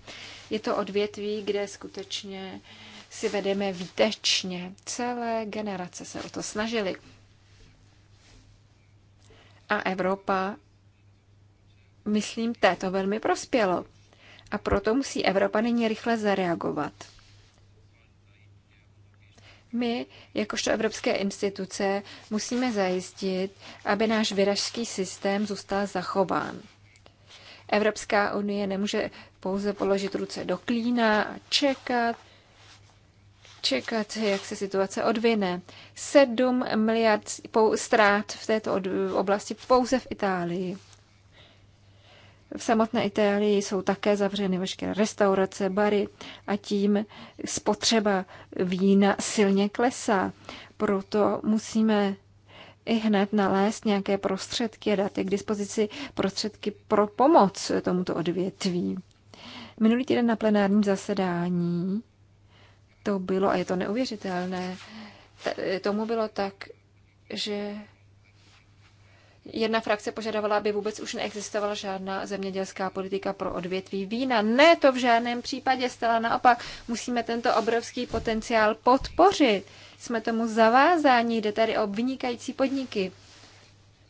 D: Je to odvětví, kde skutečně si vedeme výtečně. Celé generace se o to snažily a Evropa, myslím, této velmi prospělo. A proto musí Evropa nyní rychle zareagovat. My, jakožto evropské instituce, musíme zajistit, aby náš vyražský systém zůstal zachován. Evropská unie nemůže pouze položit ruce do klína a čekat, čekat, jak se situace odvine. 7 miliard ztrát v této oblasti pouze v Itálii. V samotné Itálii jsou také zavřeny veškeré restaurace, bary a tím spotřeba vína silně klesá. Proto musíme i hned nalézt nějaké prostředky a dát je k dispozici prostředky pro pomoc tomuto odvětví. Minulý týden na plenárním zasedání to bylo, a je to neuvěřitelné, tomu bylo tak, že Jedna frakce požadovala, aby vůbec už neexistovala žádná zemědělská politika pro odvětví vína. Ne, to v žádném případě, stala naopak, musíme tento obrovský potenciál podpořit. Jsme tomu zavázáni, jde tady o vynikající podniky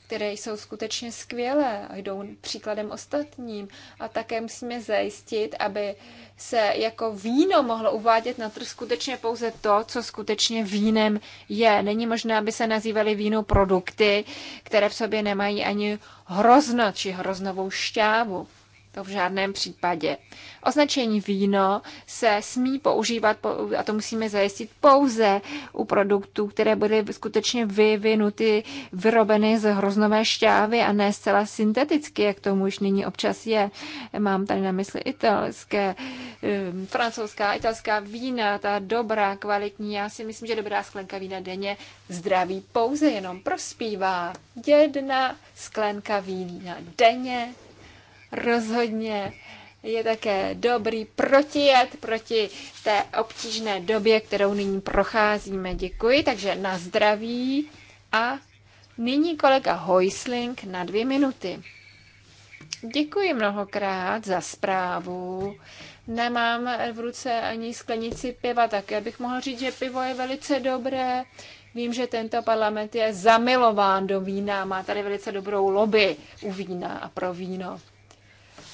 D: které jsou skutečně skvělé a jdou příkladem ostatním. A také musíme zajistit, aby se jako víno mohlo uvádět na trh skutečně pouze to, co skutečně vínem je. Není možné, aby se nazývaly víno produkty, které v sobě nemají ani hrozno či hroznovou šťávu. To v žádném případě. Označení víno se smí používat, a to musíme zajistit pouze u produktů, které byly skutečně vyvinuty, vyrobeny z hroznové šťávy a ne zcela synteticky, jak tomu už nyní občas je. Mám tady na mysli italské, francouzská, italská vína, ta dobrá, kvalitní. Já si myslím, že dobrá sklenka vína denně zdraví pouze jenom prospívá. Jedna sklenka vína denně Rozhodně je také dobrý protijet proti té obtížné době, kterou nyní procházíme. Děkuji, takže na zdraví a nyní kolega Hoisling na dvě minuty. Děkuji mnohokrát za zprávu. Nemám v ruce ani sklenici piva, tak já bych mohl říct, že pivo je velice dobré. Vím, že tento parlament je zamilován do vína, má tady velice dobrou lobby u vína a pro víno.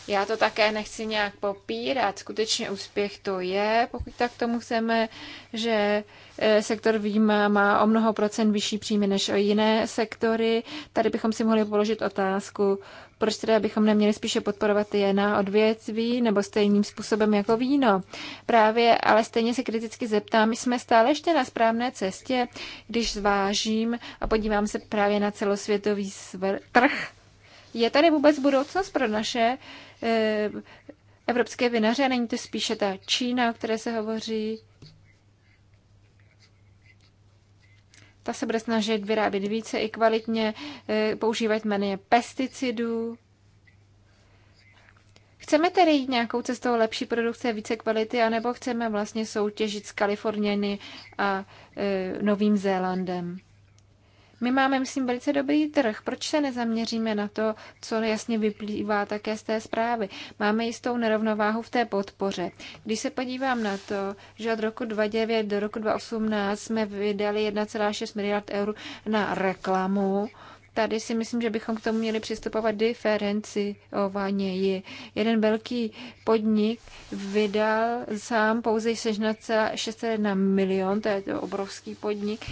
D: Já to také nechci nějak popírat. Skutečně úspěch to je, pokud tak tomu chceme, že e, sektor výjima má o mnoho procent vyšší příjmy než o jiné sektory. Tady bychom si mohli položit otázku, proč teda bychom neměli spíše podporovat na odvětví nebo stejným způsobem jako víno. Právě, ale stejně se kriticky zeptám, my jsme stále ještě na správné cestě, když zvážím a podívám se právě na celosvětový trh. Je tady vůbec budoucnost pro naše Eh, evropské vinaře, není to spíše ta Čína, o které se hovoří. Ta se bude snažit vyrábět více i kvalitně, eh, používat méně pesticidů. Chceme tedy jít nějakou cestou lepší produkce, více kvality, anebo chceme vlastně soutěžit s Kaliforniany a e, Novým Zélandem? My máme, myslím, velice dobrý trh. Proč se nezaměříme na to, co jasně vyplývá také z té zprávy? Máme jistou nerovnováhu v té podpoře. Když se podívám na to, že od roku 2009 do roku 2018 jsme vydali 1,6 miliard eur na reklamu, tady si myslím, že bychom k tomu měli přistupovat diferenciovaněji. Jeden velký podnik vydal sám pouze 6,1 milion, to je to obrovský podnik,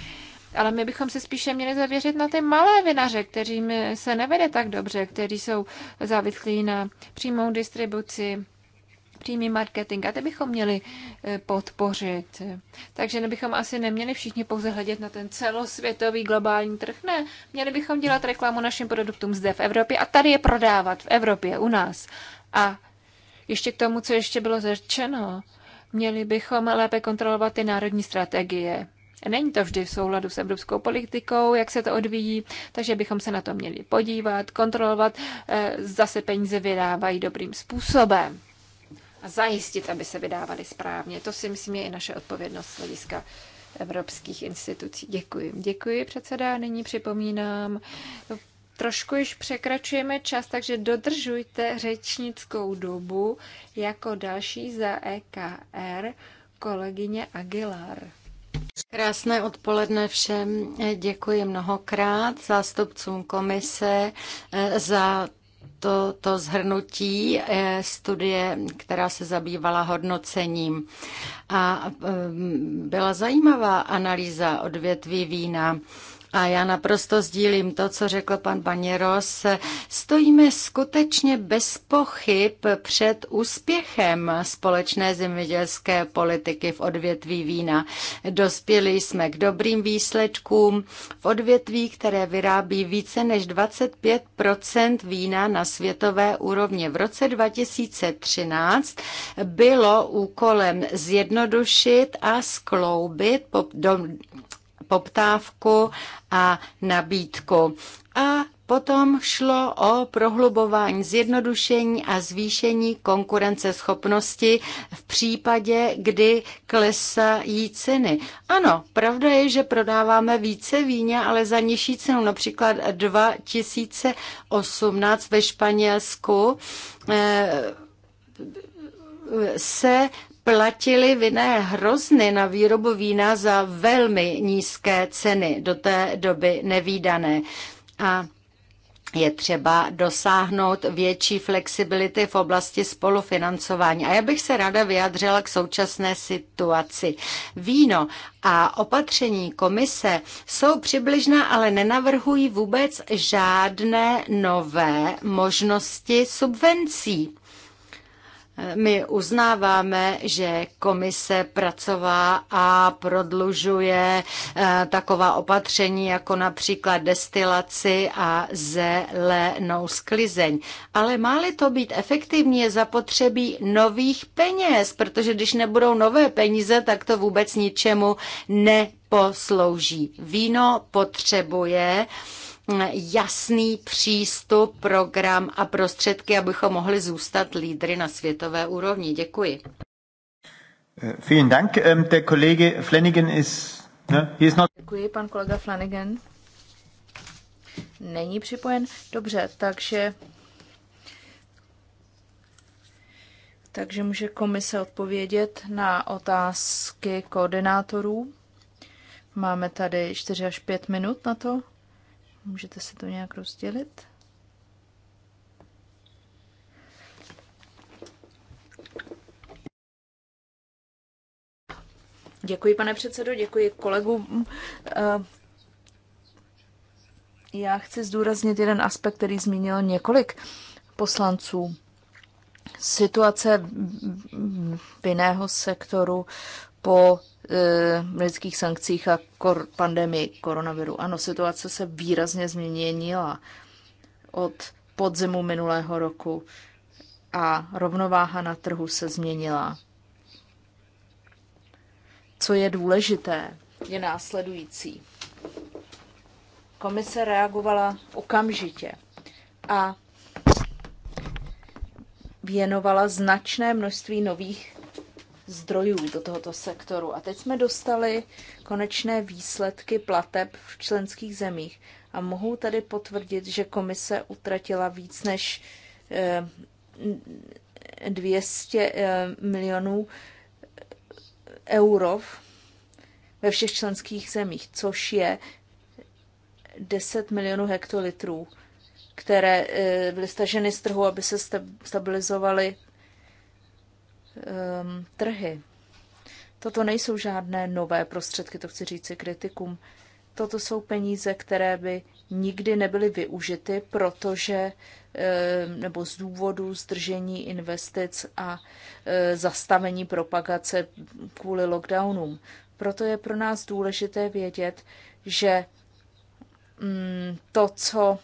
D: ale my bychom se spíše měli zavěřit na ty malé vinaře, kterým se nevede tak dobře, kteří jsou závislí na přímou distribuci, přímý marketing a ty bychom měli eh, podpořit. Takže bychom asi neměli všichni pouze hledět na ten celosvětový globální trh, ne. Měli bychom dělat reklamu našim produktům zde v Evropě a tady je prodávat v Evropě, u nás. A ještě k tomu, co ještě bylo řečeno, měli bychom lépe kontrolovat ty národní strategie. Není to vždy v souladu s evropskou politikou, jak se to odvíjí, takže bychom se na to měli podívat, kontrolovat, eh, zase peníze vydávají dobrým způsobem a zajistit, aby se vydávaly správně. To si myslím je i naše odpovědnost z hlediska evropských institucí. Děkuji. Děkuji, předseda. Nyní připomínám, trošku již překračujeme čas, takže dodržujte řečnickou dobu. Jako další za EKR
B: kolegyně Aguilar. Krásné odpoledne všem. Děkuji mnohokrát zástupcům komise eh, za to, to zhrnutí eh, studie, která se zabývala hodnocením. A eh, byla zajímavá analýza odvětví vína. A já naprosto sdílím to, co řekl pan Baněros. Stojíme skutečně bez pochyb před úspěchem společné zemědělské politiky v odvětví vína. Dospěli jsme k dobrým výsledkům v odvětví, které vyrábí více než 25 vína na světové úrovni. V roce 2013 bylo úkolem zjednodušit a skloubit, do, poptávku a nabídku. A potom šlo o prohlubování zjednodušení a zvýšení konkurenceschopnosti v případě, kdy klesají ceny. Ano, pravda je, že prodáváme více víně, ale za nižší cenu. Například 2018 ve Španělsku eh, se platili vinné hrozny na výrobu vína za velmi nízké ceny, do té doby nevýdané. A je třeba dosáhnout větší flexibility v oblasti spolufinancování. A já bych se ráda vyjadřila k současné situaci. Víno a opatření komise jsou přibližná, ale nenavrhují vůbec žádné nové možnosti subvencí. My uznáváme, že komise pracová a prodlužuje eh, taková opatření jako například destilaci a zelenou sklizeň. Ale má-li to být efektivní, je zapotřebí nových peněz, protože když nebudou nové peníze, tak to vůbec ničemu neposlouží. Víno potřebuje jasný přístup, program a prostředky, abychom mohli zůstat lídry na světové úrovni. Děkuji.
A: Eh, vielen Dank. Ähm, der Kollege Flanagan ist, ne, he is not...
B: Děkuji, pan kolega Flanagan.
C: Není připojen? Dobře, takže takže může komise odpovědět na otázky koordinátorů. Máme tady 4 až 5 minut na to. Můžete si to nějak rozdělit? Děkuji, pane předsedo, děkuji kolegům. Eh, já chci zdůraznit jeden aspekt, který zmínil několik poslanců. Situace jiného sektoru po Eh, lidských sankcích a kor- pandemii koronaviru. Ano, situace se výrazně změnila od podzimu minulého roku a rovnováha na trhu se změnila. Co je důležité, je následující. Komise reagovala okamžitě a věnovala značné množství nových zdrojů do tohoto sektoru. A teď jsme dostali konečné výsledky plateb v členských zemích. A mohu tady potvrdit, že komise utratila víc než 200 eh, eh, milionů eh, euro ve všech členských zemích, což je 10 milionů hektolitrů, které byly staženy z trhu, aby se stabilizovaly um, trhy. Toto nejsou žádné nové prostředky, to chci říci kritikům. Toto jsou peníze, které by nikdy nebyly využity, protože ehm, nebo z důvodu zdržení investic a eh, zastavení propagace kvůli lockdownům. Proto je pro nás důležité vědět, že mm, to, co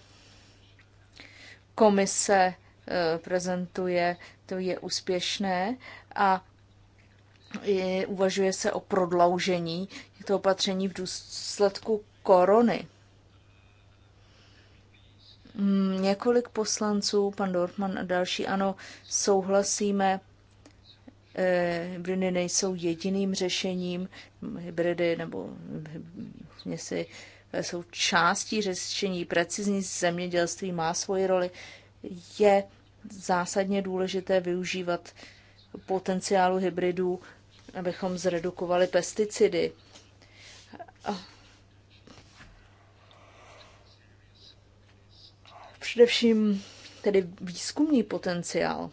C: komise eh, prezentuje, to je úspěšné a uvažuje se o prodloužení těchto opatření v důsledku korony. Mm, několik poslanců, pan Dortman a další, ano, souhlasíme, hybridy eh, nejsou jediným řešením, hybridy nebo směsi vlastně eh, jsou částí řešení, precizní zemědělství má svoji roli, je zásadně důležité využívat potenciálu hybridů, abychom zredukovali pesticidy. Především tedy výzkumný potenciál.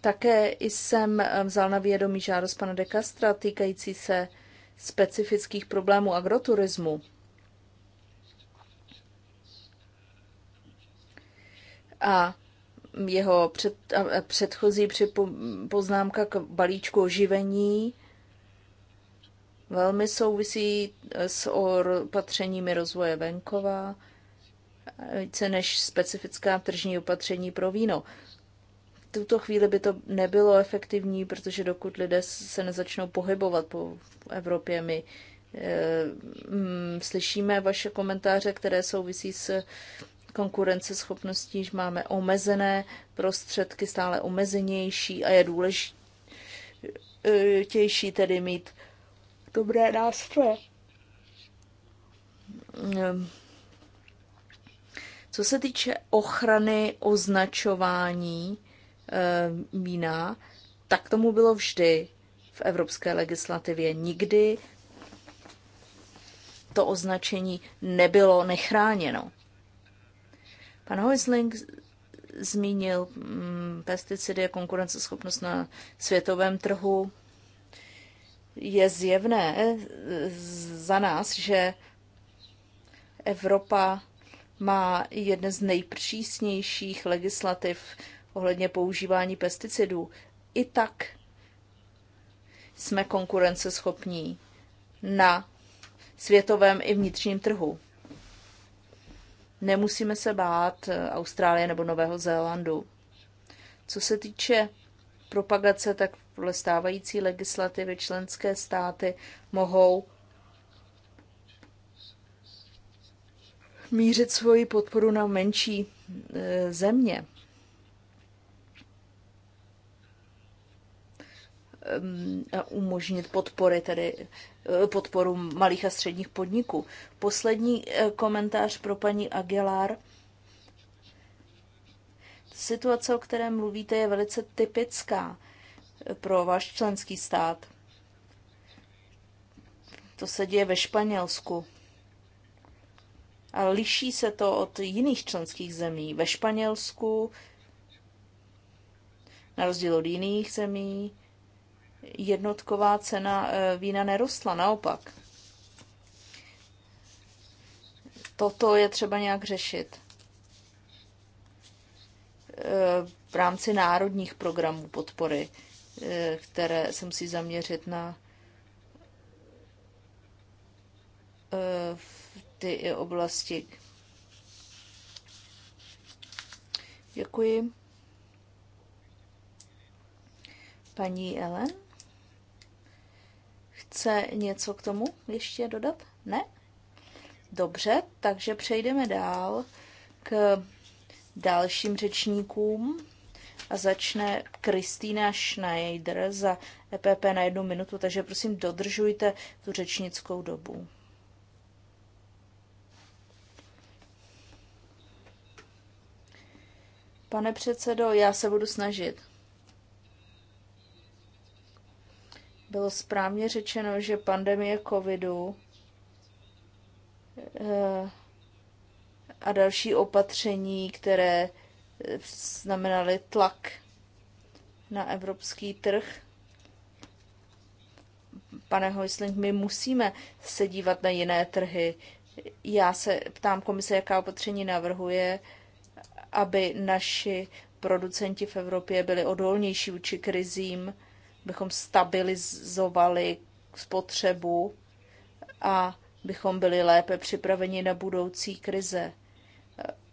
C: Také jsem vzal na vědomí žádost pana de Castra týkající se specifických problémů agroturismu. A jeho před, a předchozí připo, poznámka k balíčku oživení velmi souvisí s opatřeními rozvoje venkova, více než specifická tržní opatření pro víno. V tuto chvíli by to nebylo efektivní, protože dokud lidé se nezačnou pohybovat po Evropě, my e, m, slyšíme vaše komentáře, které souvisí s konkurenceschopností, že máme omezené prostředky, stále omezenější a je důležitější tedy mít dobré nástroje. Ehm, co se týče ochrany označování ehm, vína, tak tomu bylo vždy v evropské legislativě. Nikdy to označení nebylo nechráněno. Pan Heusling zmínil mm, pesticidy a konkurenceschopnost na světovém trhu. Je zjevné eh, za nás, že Evropa má jedne z nejpřísnějších legislativ ohledně používání pesticidů. I tak jsme konkurenceschopní na světovém i vnitřním trhu. Nemusíme se bát eh, Austrálie nebo Nového Zélandu. Co se týče propagace, tak podle stávající legislativy členské státy mohou mířit svoji podporu na menší eh, země. Eh, um, umožnit podpory, tedy eh, podporu malých a středních podniků. Poslední eh, komentář pro paní Aguilar. Situace, o které mluvíte, je velice typická pro váš členský stát. To se děje ve Španělsku. A liší se to od jiných členských zemí. Ve Španělsku, na rozdíl od jiných zemí, jednotková cena eh, vína nerostla, naopak. Toto je třeba nějak řešit eh, v rámci národních programů podpory, eh, které se musí zaměřit na ty oblasti. Děkuji. Paní Ellen? chce něco k tomu ještě dodat? Ne? Dobře, takže přejdeme dál k dalším řečníkům a začne Kristýna Schneider za EPP na jednu minutu, takže prosím dodržujte tu řečnickou dobu. Pane předsedo, já se budu snažit. Bylo správně řečeno, že pandemie covidu eh, a další opatření, které eh, znamenaly tlak na evropský trh. Pane Hojsling, my musíme se dívat na jiné trhy. Já se ptám komise, jaká opatření navrhuje, aby naši producenti v Evropě byli odolnější vůči krizím bychom stabilizovali spotřebu a bychom byli lépe připraveni na budoucí krize,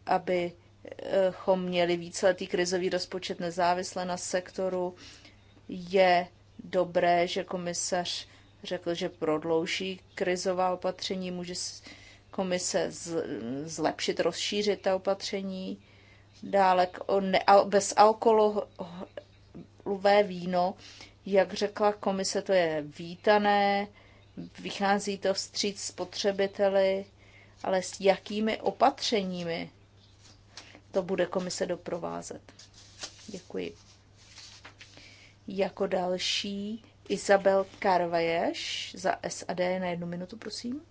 C: abychom měli víceletý krizový rozpočet nezávisle na sektoru, je dobré, že komisař řekl, že prodlouží krizová opatření, může komise zlepšit, rozšířit ta opatření. Dále bez alkoholové víno jak řekla komise, to je vítané, vychází to vstříc spotřebiteli, ale s jakými opatřeními to bude komise doprovázet? Děkuji. Jako další Isabel Karvaješ za SAD na jednu minutu, prosím.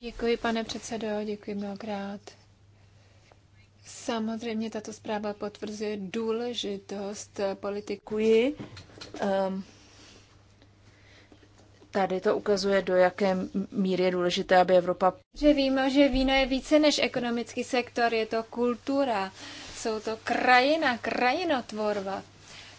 D: Děkuji, pane předsedo, děkuji mnohokrát. Samozřejmě tato zpráva potvrzuje důležitost politiků. Um,
C: ehm, tady to ukazuje, do jaké míry je důležité, aby Evropa...
D: Že víme, že víno je více než ekonomický sektor, je to kultura, jsou to krajina, krajinotvorba.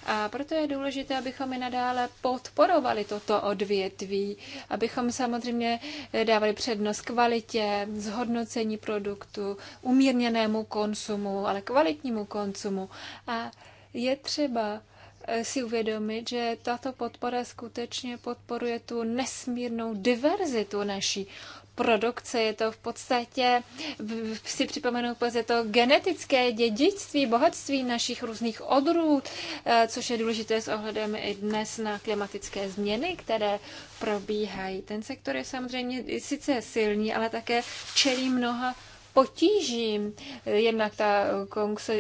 D: A proto je důležité, abychom i nadále podporovali toto odvětví, abychom samozřejmě dávali přednost kvalitě, zhodnocení produktu, umírněnému konsumu, ale kvalitnímu konsumu. A je třeba eh, si uvědomit, že tato podpora skutečně podporuje tu nesmírnou diverzitu naší produkce. Je to v podstatě, si připomenu pouze to genetické dědictví, bohatství našich různých odrůd, eh, což je důležité s ohledem i dnes na klimatické změny, které probíhají. Ten sektor je samozřejmě sice silný, ale také čelí mnoha potížím. Jednak ta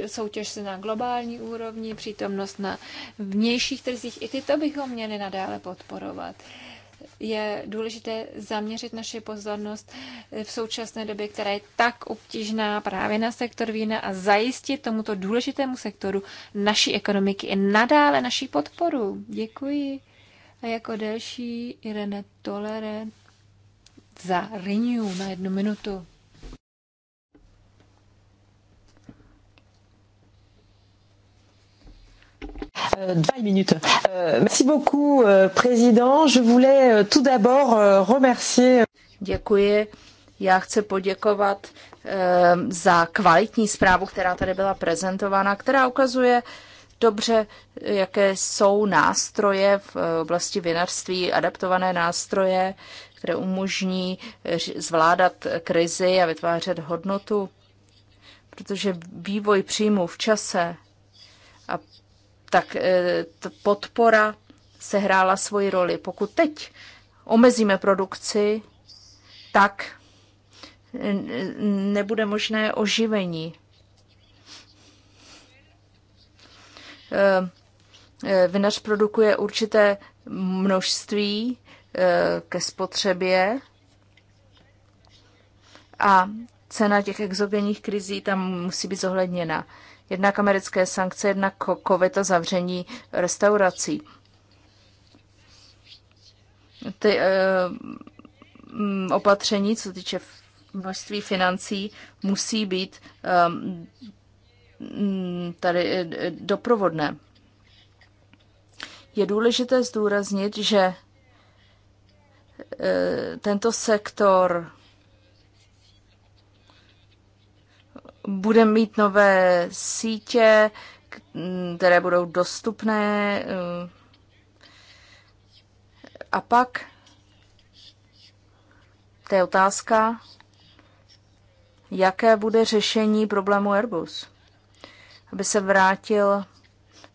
D: soutěž na globální úrovni, přítomnost na vnějších trzích, i tyto bychom měli nadále podporovat je důležité zaměřit naši pozornost v současné době, která je tak obtížná právě na sektor vína a zajistit tomuto důležitému sektoru naší ekonomiky i nadále naší podporu. Děkuji. A jako další Irene Tolere za Renew na jednu minutu.
A: Euh, deux minutes. Euh, merci beaucoup, euh, président. Je voulais tout d'abord remercier.
C: Děkuji. Já chci poděkovat za kvalitní zprávu, která tady byla prezentována, která ukazuje dobře, jaké jsou nástroje v eh, oblasti vinařství, adaptované nástroje, které umožní eh, zvládat krizi a vytvářet hodnotu, protože vývoj příjmu v čase a tak eh, podpora sehrála svoji roli. Pokud teď omezíme produkci, tak eh, nebude možné oživení. Eh, vinař produkuje určité množství ke spotřebě a cena těch exogenních krizí tam musí být zohledněna jednak americké sankce, jednak COVID a zavření restaurací. Ty uh, opatření, co týče množství financí, musí být um, tady eh, doprovodné. Je důležité zdůraznit, že tento sektor Budeme mít nové sítě, které budou dostupné. Eh, a pak, to je otázka, jaké bude řešení problému Airbus, aby se vrátil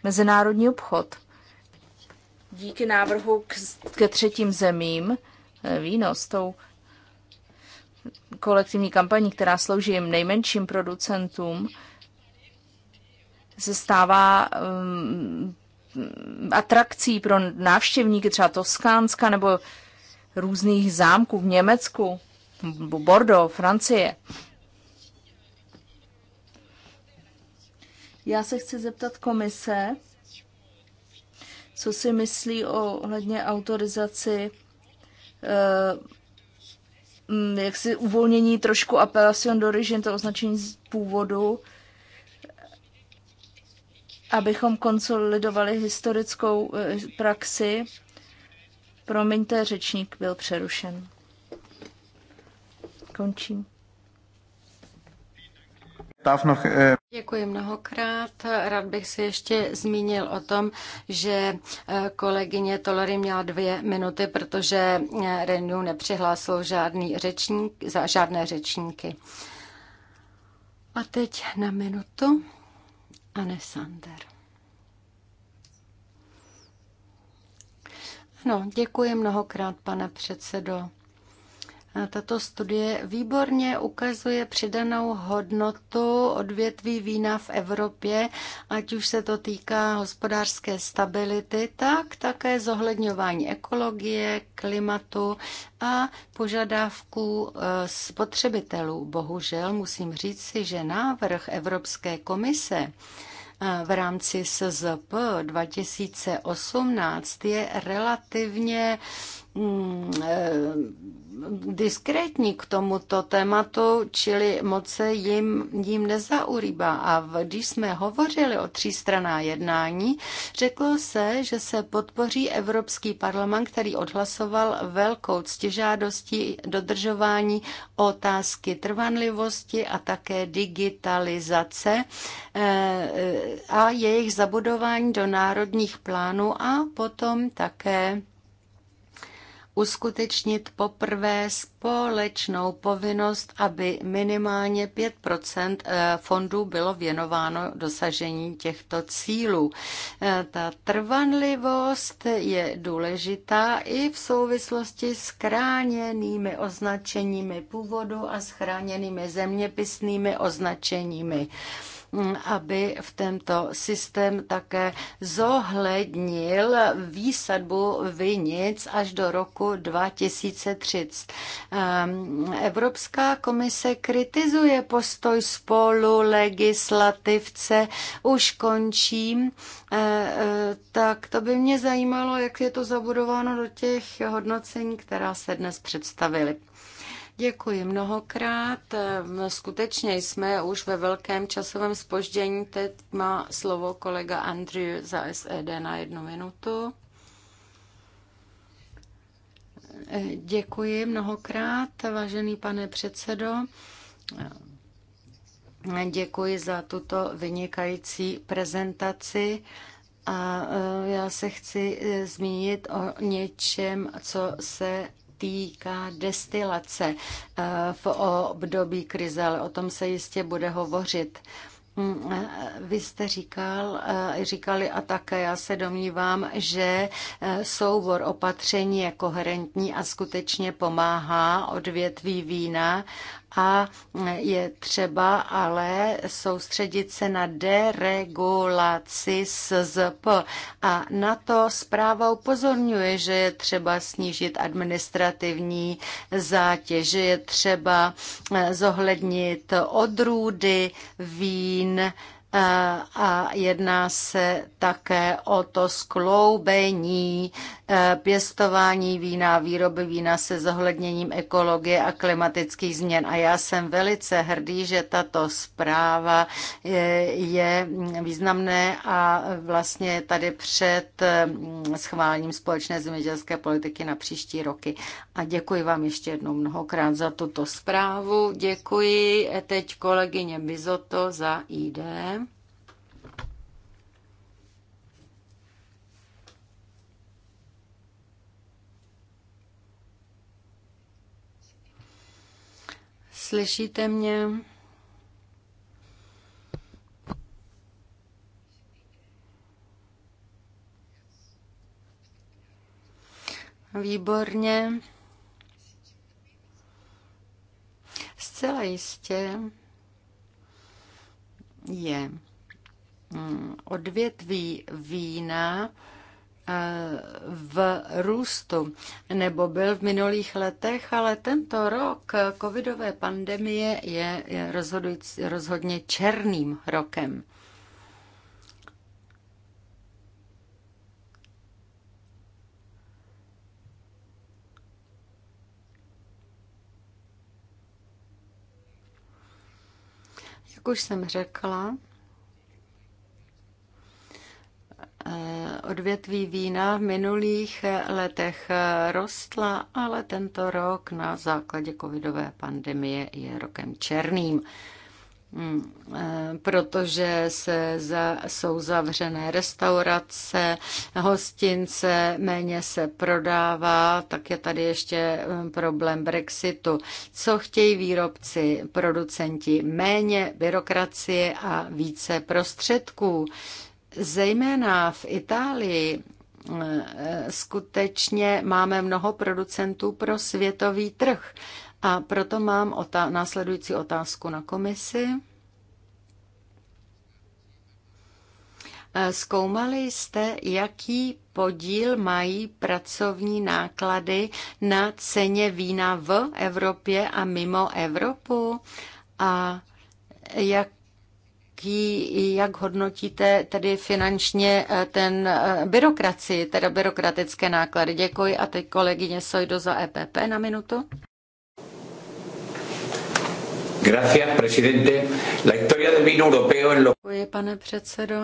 C: mezinárodní obchod. Díky návrhu k, ke třetím zemím, eh, výnos tou kolektivní kampaní, která slouží jim nejmenším producentům, se stává um, atrakcí pro návštěvníky třeba Toskánska nebo různých zámků v Německu, Bordeaux, Francie. Já se chci zeptat komise, co si myslí o ohledně autorizaci eh, Mm, jaksi uvolnění trošku apelacion d'origine, to označení z původu, abychom konsolidovali historickou eh, praxi. Promiňte, řečník byl přerušen. Končím.
A: Eh,
B: děkuji mnohokrát. Rád bych se ještě zmínil o tom, že eh, kolegyně Tolery měla dvě minuty, protože eh, Renu nepřihlásil žádný řečník, žádné řečníky. A teď na minutu Anne Sander. Ano, děkuji mnohokrát, pane předsedo. Tato studie výborně ukazuje přidanou hodnotu odvětví vína v Evropě, ať už se to týká hospodářské stability, tak také zohledňování ekologie, klimatu a požadavků e, spotřebitelů. Bohužel musím říct si, že návrh Evropské komise e, v rámci SZP 2018 je relativně Hmm, eh, diskrétní k tomuto tématu, čili moc se jim, jim nezaurýbá. A když jsme hovořili o třístraná jednání, řeklo se, že se podpoří Evropský parlament, který odhlasoval velkou ctižádostí dodržování otázky trvanlivosti a také digitalizace eh, eh, a jejich zabudování do národních plánů a potom také uskutečnit poprvé společnou povinnost, aby minimálně 5 eh, fondů bylo věnováno dosažení těchto cílů. Eh, ta trvanlivost je důležitá i v souvislosti s chráněnými označeními původu a s chráněnými zeměpisnými označeními. Mm, aby v tento systém také zohlednil výsadbu vinic až do roku 2030. Ehm, Evropská komise kritizuje postoj spolu legislativce. Už končím. Eh, eh, tak to by mě zajímalo, jak je to zabudováno do těch hodnocení, která se dnes představily. Děkuji mnohokrát. Ehm, skutečně jsme už ve velkém časovém spoždění. Teď má slovo kolega Andrew za SED na jednu minutu. Ehm, děkuji mnohokrát, vážený pane předsedo. Ehm, děkuji za tuto vynikající prezentaci. A já se chci e, zmínit o něčem, co se týká destilace eh, v období krize, ale o tom se jistě bude hovořit. Mm, eh, vy jste říkal, eh, říkali a také já se domnívám, že soubor opatření je koherentní a skutečně pomáhá odvětví vína a je třeba ale soustředit se na deregulaci SZP. A na to zpráva upozorňuje, že je třeba snížit administrativní zátěž, že je třeba eh, zohlednit odrůdy vín, eh, a jedná se také o to skloubení Eh, pěstování vína, výroby vína se zohledněním ekologie a klimatických změn. A já jsem velice hrdý, že tato zpráva eh, je, je mm, významné a vlastně tady před mm, schválením společné zemědělské politiky na příští roky. A děkuji vám ještě jednou mnohokrát za tuto zprávu. Děkuji eh, teď kolegyně Bizoto za ID. Slyšíte mě? Výborně. Zcela jistě je mm, odvětví vína, v růstu, nebo byl v minulých letech, ale tento rok covidové pandemie je rozhodně černým rokem. Jak už jsem řekla, odvětví vína v minulých letech rostla, ale tento rok na základě covidové pandemie je rokem černým. Hmm, eh, protože se za, jsou zavřené restaurace, hostince, méně se prodává, tak je tady ještě eh, problém Brexitu. Co chtějí výrobci, producenti? Méně byrokracie a více prostředků Zejména v Itálii eh, skutečně máme mnoho producentů pro světový trh. A proto mám otá- následující otázku na komisi. Eh, zkoumali jste, jaký podíl mají pracovní náklady na ceně vína v Evropě a mimo Evropu a jak jaký, jak hodnotíte tedy finančně eh, ten eh, byrokracii, teda byrokratické náklady. Děkuji a teď kolegyně Sojdo za EPP na minutu.
A: Gracias, presidente. La historia del vino europeo en lo... Děkuji,
B: pane předsedo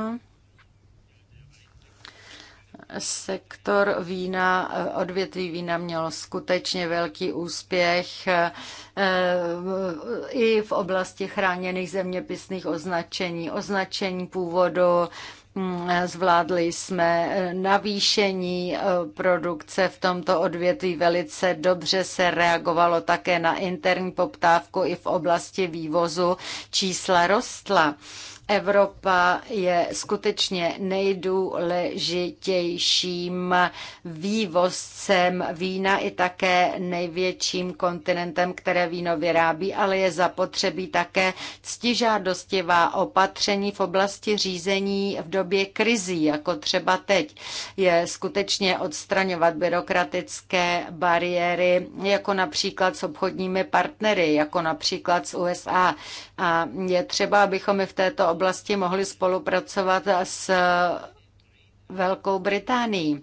B: sektor vína, eh, odvětví vína mělo skutečně velký úspěch eh, i v oblasti chráněných zeměpisných označení, označení původu, hm, Zvládli jsme eh, navýšení produkce v tomto odvětví velice dobře se reagovalo také na interní poptávku i v oblasti vývozu čísla rostla. Evropa je skutečně nejdůležitějším vývozcem vína i také největším kontinentem, které víno vyrábí, ale je zapotřebí také ctižádostivá opatření v oblasti řízení v době krizí, jako třeba teď. Je skutečně odstraňovat byrokratické bariéry, jako například s obchodními partnery, jako například s USA. A je třeba, abychom i v této oblasti mohli spolupracovat s Velkou Británií.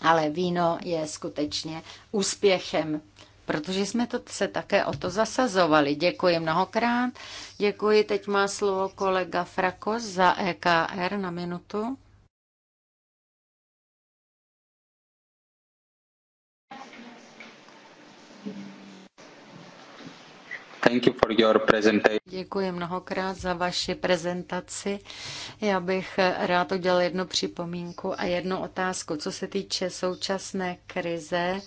B: Ale víno je skutečně úspěchem, protože jsme to, se také o to zasazovali. Děkuji mnohokrát. Děkuji. Teď má slovo kolega Frakos
A: za EKR na minutu. Thank you for your presentation.
B: Děkuji mnohokrát za vaši prezentaci. Já bych rád udělal jednu připomínku a jednu otázku. Co se týče současné krize,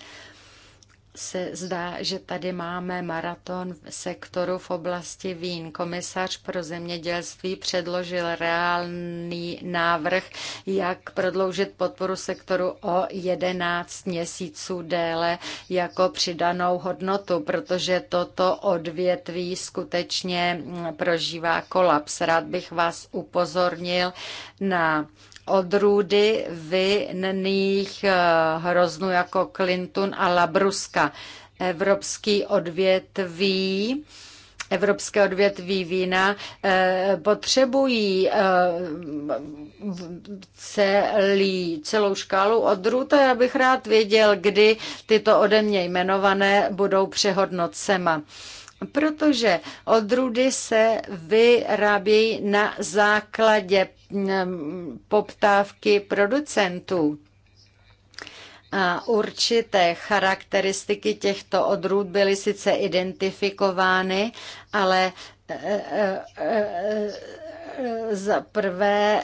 B: se zdá, že tady máme maraton v sektoru v oblasti vín. Komisař pro zemědělství předložil reálný návrh, jak prodloužit podporu sektoru o 11 měsíců déle jako přidanou hodnotu, protože toto odvětví skutečně prožívá kolaps. Rád bych vás upozornil na odrůdy vinných eh, hroznů jako Clinton a Labruska. Evropský odvětví evropské odvětví vína eh, potřebují eh, celý, celou škálu odrůd a já bych rád věděl, kdy tyto ode mě jmenované budou přehodnocema protože odrůdy se vyrábějí na základě mm, poptávky producentů. A určité charakteristiky těchto odrůd byly sice identifikovány, ale e, e, e, za prvé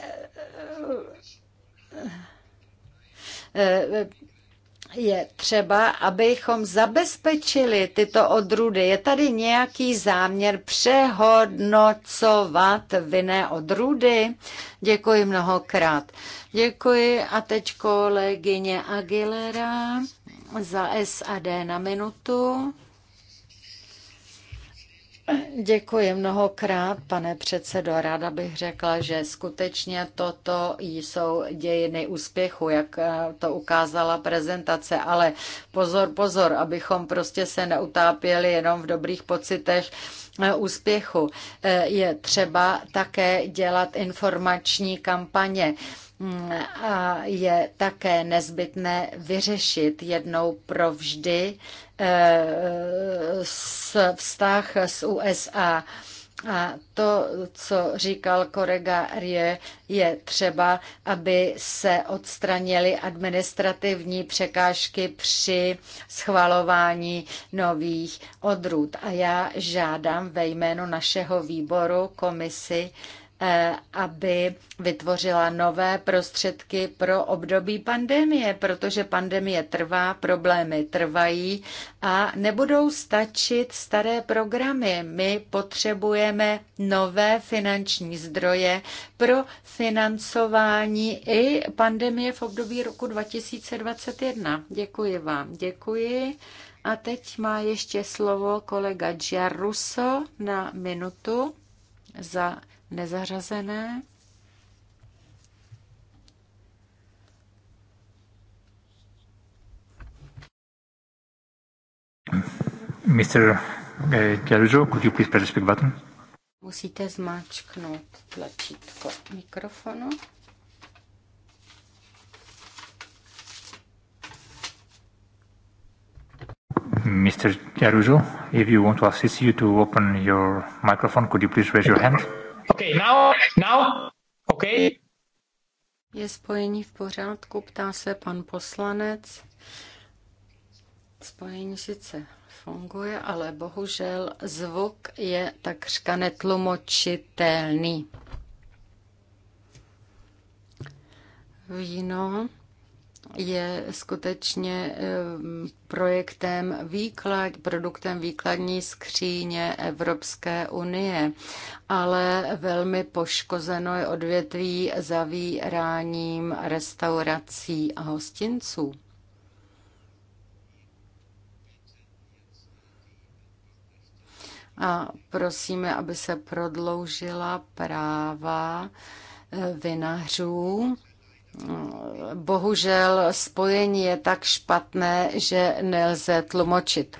B: je třeba, abychom zabezpečili tyto odrůdy. Je tady nějaký záměr přehodnocovat vinné odrůdy? Děkuji mnohokrát. Děkuji a teď kolegyně Aguilera za SAD na minutu. Děkuji mnohokrát, pane předsedo. Ráda bych řekla, že skutečně toto jsou dějiny úspěchu, jak eh, to ukázala prezentace, ale pozor, pozor, abychom prostě se neutápěli jenom v dobrých pocitech eh, úspěchu. Eh, je třeba také dělat informační kampaně mm, a je také nezbytné vyřešit jednou provždy s vztah s USA. A to, co říkal kolega Rie, je třeba, aby se odstranily administrativní překážky při schvalování nových odrůd. A já žádám ve jménu našeho výboru komisi, Eh, aby vytvořila nové prostředky pro období pandemie, protože pandemie trvá, problémy trvají a nebudou stačit staré programy. My potřebujeme nové finanční zdroje pro financování i pandemie v období roku 2021. Děkuji vám. Děkuji. A teď má ještě slovo kolega Giarusso na minutu za nezařazené.
A: Mr. Eh, Gelžo, could you please press speak button?
B: Musíte zmáčknout tlačítko mikrofonu.
A: Mr. Jaruzo, if you want to assist you to open your microphone, could you please raise your hand? Okay, now, now,
B: okay. Je spojení v pořádku, ptá se pan poslanec. Spojení sice funguje, ale bohužel zvuk je takřka netlumočitelný. Víno je skutečně projektem výklad, produktem výkladní skříně Evropské unie, ale velmi poškozeno je odvětví zavíráním restaurací a hostinců. A prosíme, aby se prodloužila práva eh, vinařů bohužel spojení je tak špatné, že nelze tlumočit.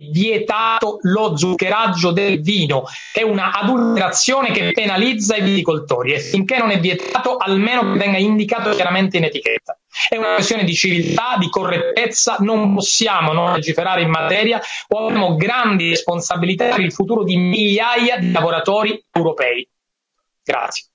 A: Vietato lo zuccheraggio del vino, è una adulterazione che penalizza i viticoltori e finché non è vietato almeno che venga indicato chiaramente in etichetta. È una questione di civiltà, di correttezza, non possiamo non legiferare in materia o abbiamo grandi responsabilità per il futuro di migliaia di lavoratori europei. Grazie.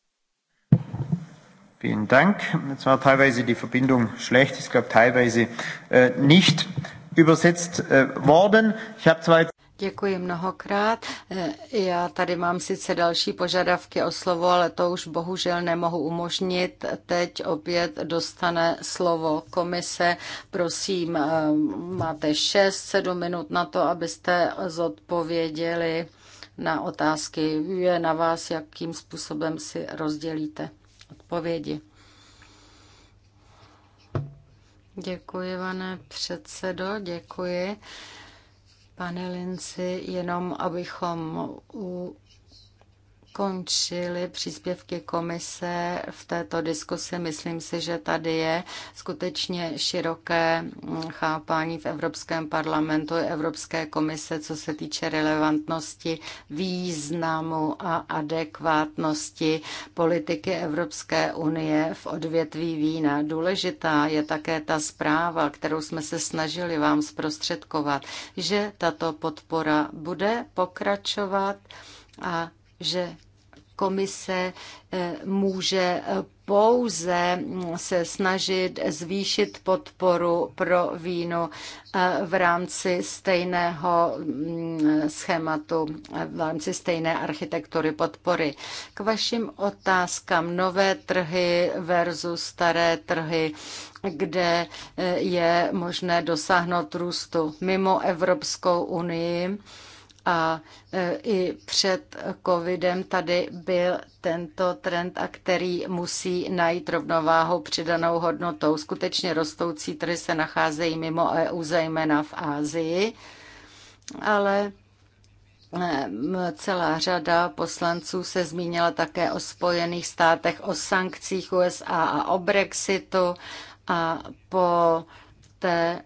A: Vielen Dank. Es war teilweise die Verbindung schlecht, ich glaube teilweise äh, nicht übersetzt äh, worden. Ich habe zwar
B: Děkuji mnohokrát. Äh, já tady mám sice další požadavky o slovo, ale to už bohužel nemohu umožnit. Teď opět dostane slovo komise. Prosím, äh, máte 6-7 minut na to, abyste zodpověděli na otázky. Je na vás, jakým způsobem si rozdělíte odpovědi. Děkuji, pane předsedo, děkuji. Pane Linci, jenom abychom u skončily příspěvky komise v této diskusi. Myslím si, že tady je skutečně široké mm, chápání v Evropském parlamentu i Evropské komise, co se týče relevantnosti, významu a adekvátnosti politiky Evropské unie v odvětví vína. Důležitá je také ta zpráva, kterou jsme se snažili vám zprostředkovat, že tato podpora bude pokračovat a že komise eh, může eh, pouze mm, se snažit zvýšit podporu pro víno eh, v rámci stejného mm, schématu, v rámci stejné architektury podpory. K vašim otázkám nové trhy versus staré trhy, kde je možné dosáhnout růstu mimo Evropskou unii a e, i před covidem tady byl tento trend, a který musí najít rovnováhu přidanou hodnotou. Skutečně rostoucí trhy se nacházejí mimo EU, zejména v Ázii, ale e, Celá řada poslanců se zmínila také o Spojených státech, o sankcích USA a o Brexitu a po té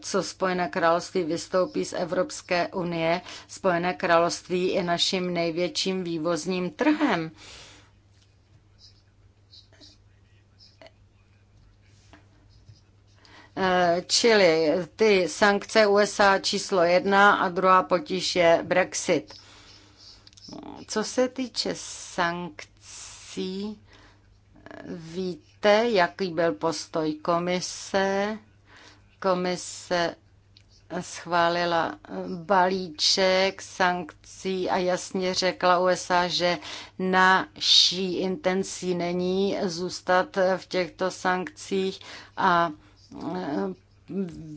B: co Spojené království vystoupí z Evropské unie. Spojené království je naším největším vývozním trhem. Čili ty sankce USA číslo jedna a druhá potíž je Brexit. Co se týče sankcí, víte, jaký byl postoj komise? Komise schválila balíček sankcí a jasně řekla USA, že naší intencí není zůstat v těchto sankcích a eh,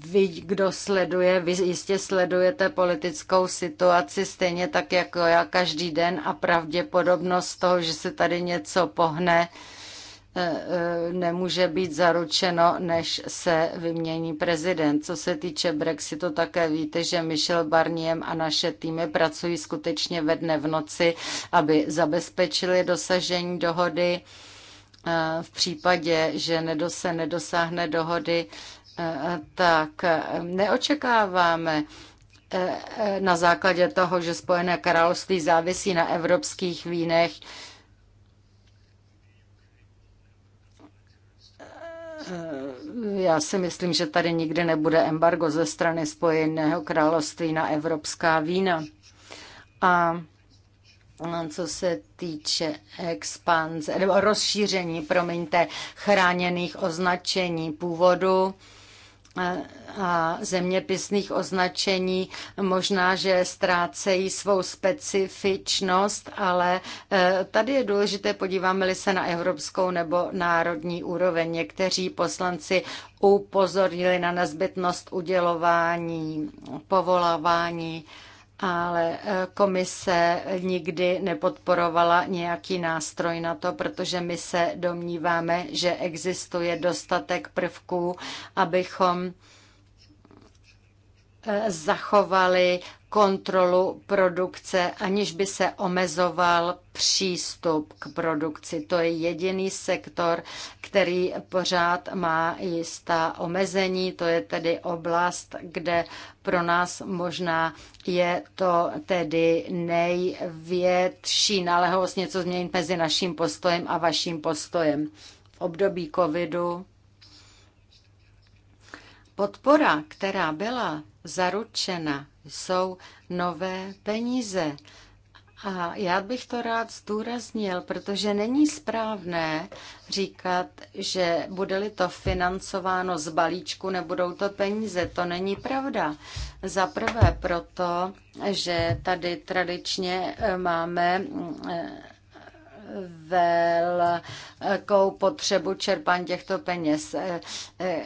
B: vy, kdo sleduje, vy jistě sledujete politickou situaci stejně tak jako já každý den a pravděpodobnost toho, že se tady něco pohne, Eh, eh, nemůže být zaručeno, než se vymění prezident. Co se týče Brexitu, také víte, že Michel Barnier a naše týmy pracují skutečně ve dne v noci, aby zabezpečili dosažení dohody. Eh, v případě, že se nedosáhne dohody, tak neočekáváme na základě toho, že Spojené království závisí na evropských vínech, Já si myslím, že tady nikdy nebude embargo ze strany Spojeného království na evropská vína. A co se týče expanze, nebo rozšíření, promiňte, chráněných označení původu, a zeměpisných označení možná, že ztrácejí svou specifičnost, ale e, tady je důležité, podíváme-li se na evropskou nebo národní úroveň. Někteří poslanci upozornili na nezbytnost udělování, povolávání ale e, komise nikdy nepodporovala nějaký nástroj na to, protože my se domníváme, že existuje dostatek prvků, abychom zachovali kontrolu produkce, aniž by se omezoval přístup k produkci. To je jediný sektor, který pořád má jistá omezení. To je tedy oblast, kde pro nás možná je to tedy největší nalehost něco změnit mezi naším postojem a vaším postojem. V období covidu Podpora, která byla zaručena, jsou nové peníze. A já bych to rád zdůraznil, protože není správné říkat, že bude-li to financováno z balíčku, nebudou to peníze. To není pravda. Za prvé proto, že tady tradičně eh, máme eh, velkou potřebu čerpání těchto peněz. E, e,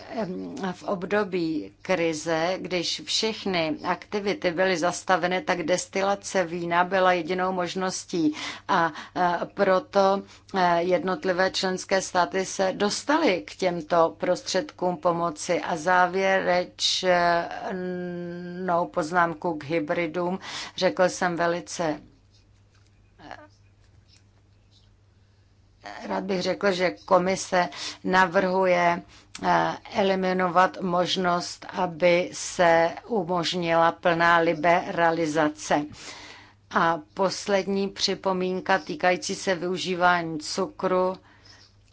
B: v období krize, když všechny aktivity byly zastaveny, tak destilace vína byla jedinou možností a e, proto jednotlivé členské státy se dostaly k těmto prostředkům pomoci a závěrečnou poznámku k hybridům řekl jsem velice rád bych řekl, že komise navrhuje eh, eliminovat možnost, aby se umožnila plná liberalizace. A poslední připomínka týkající se využívání cukru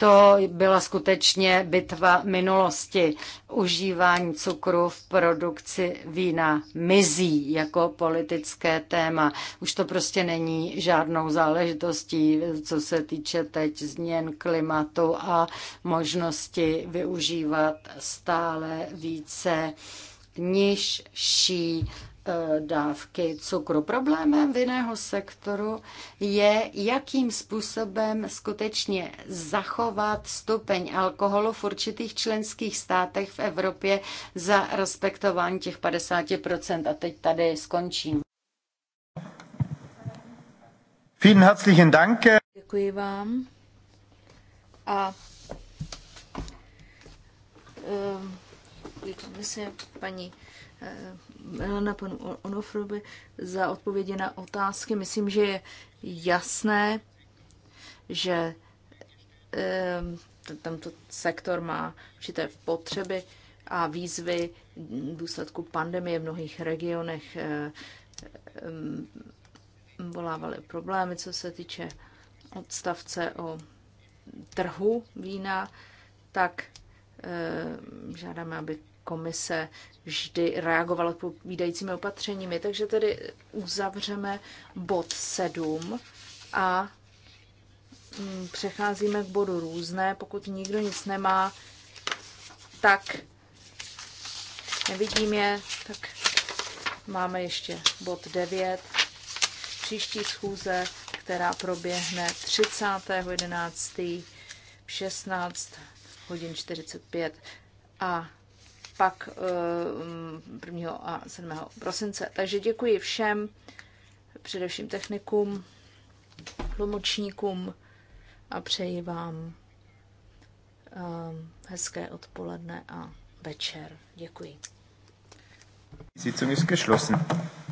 B: to byla skutečně bitva minulosti. Užívání cukru v produkci vína mizí jako politické téma. Už to prostě není žádnou záležitostí, co se týče teď změn klimatu a možnosti využívat stále více nižší Eh, dávky cukru. Problémem vinného sektoru je, jakým způsobem skutečně zachovat stupeň alkoholu v určitých členských státech v Evropě za respektování těch 50%. A teď tady skončím.
A: Vielen herzlichen Dank.
B: Děkuji vám.
C: A um, eh, se paní eh, na panu Onofrovi za odpovědi na otázky. Myslím, že je jasné, že ehm, tento sektor má určité potřeby a výzvy v důsledku pandemie v mnohých regionech eh, ehm, volávaly problémy, co se týče odstavce o trhu vína, tak ehm, žádáme, aby komise vždy reagovala odpovídajícími opatřeními. Takže tedy uzavřeme bod 7 a mm, přecházíme k bodu různé. Pokud nikdo nic nemá, tak nevidím je, tak máme ještě bod 9. Příští schůze, která proběhne 30.11. v 16 hodin 45 a pak 1. Eh, a 7. prosince. Takže děkuji všem, především technikům, tlumočníkům a přeji vám eh, hezké odpoledne a
A: večer. Děkuji. Sitzung ist geschlossen.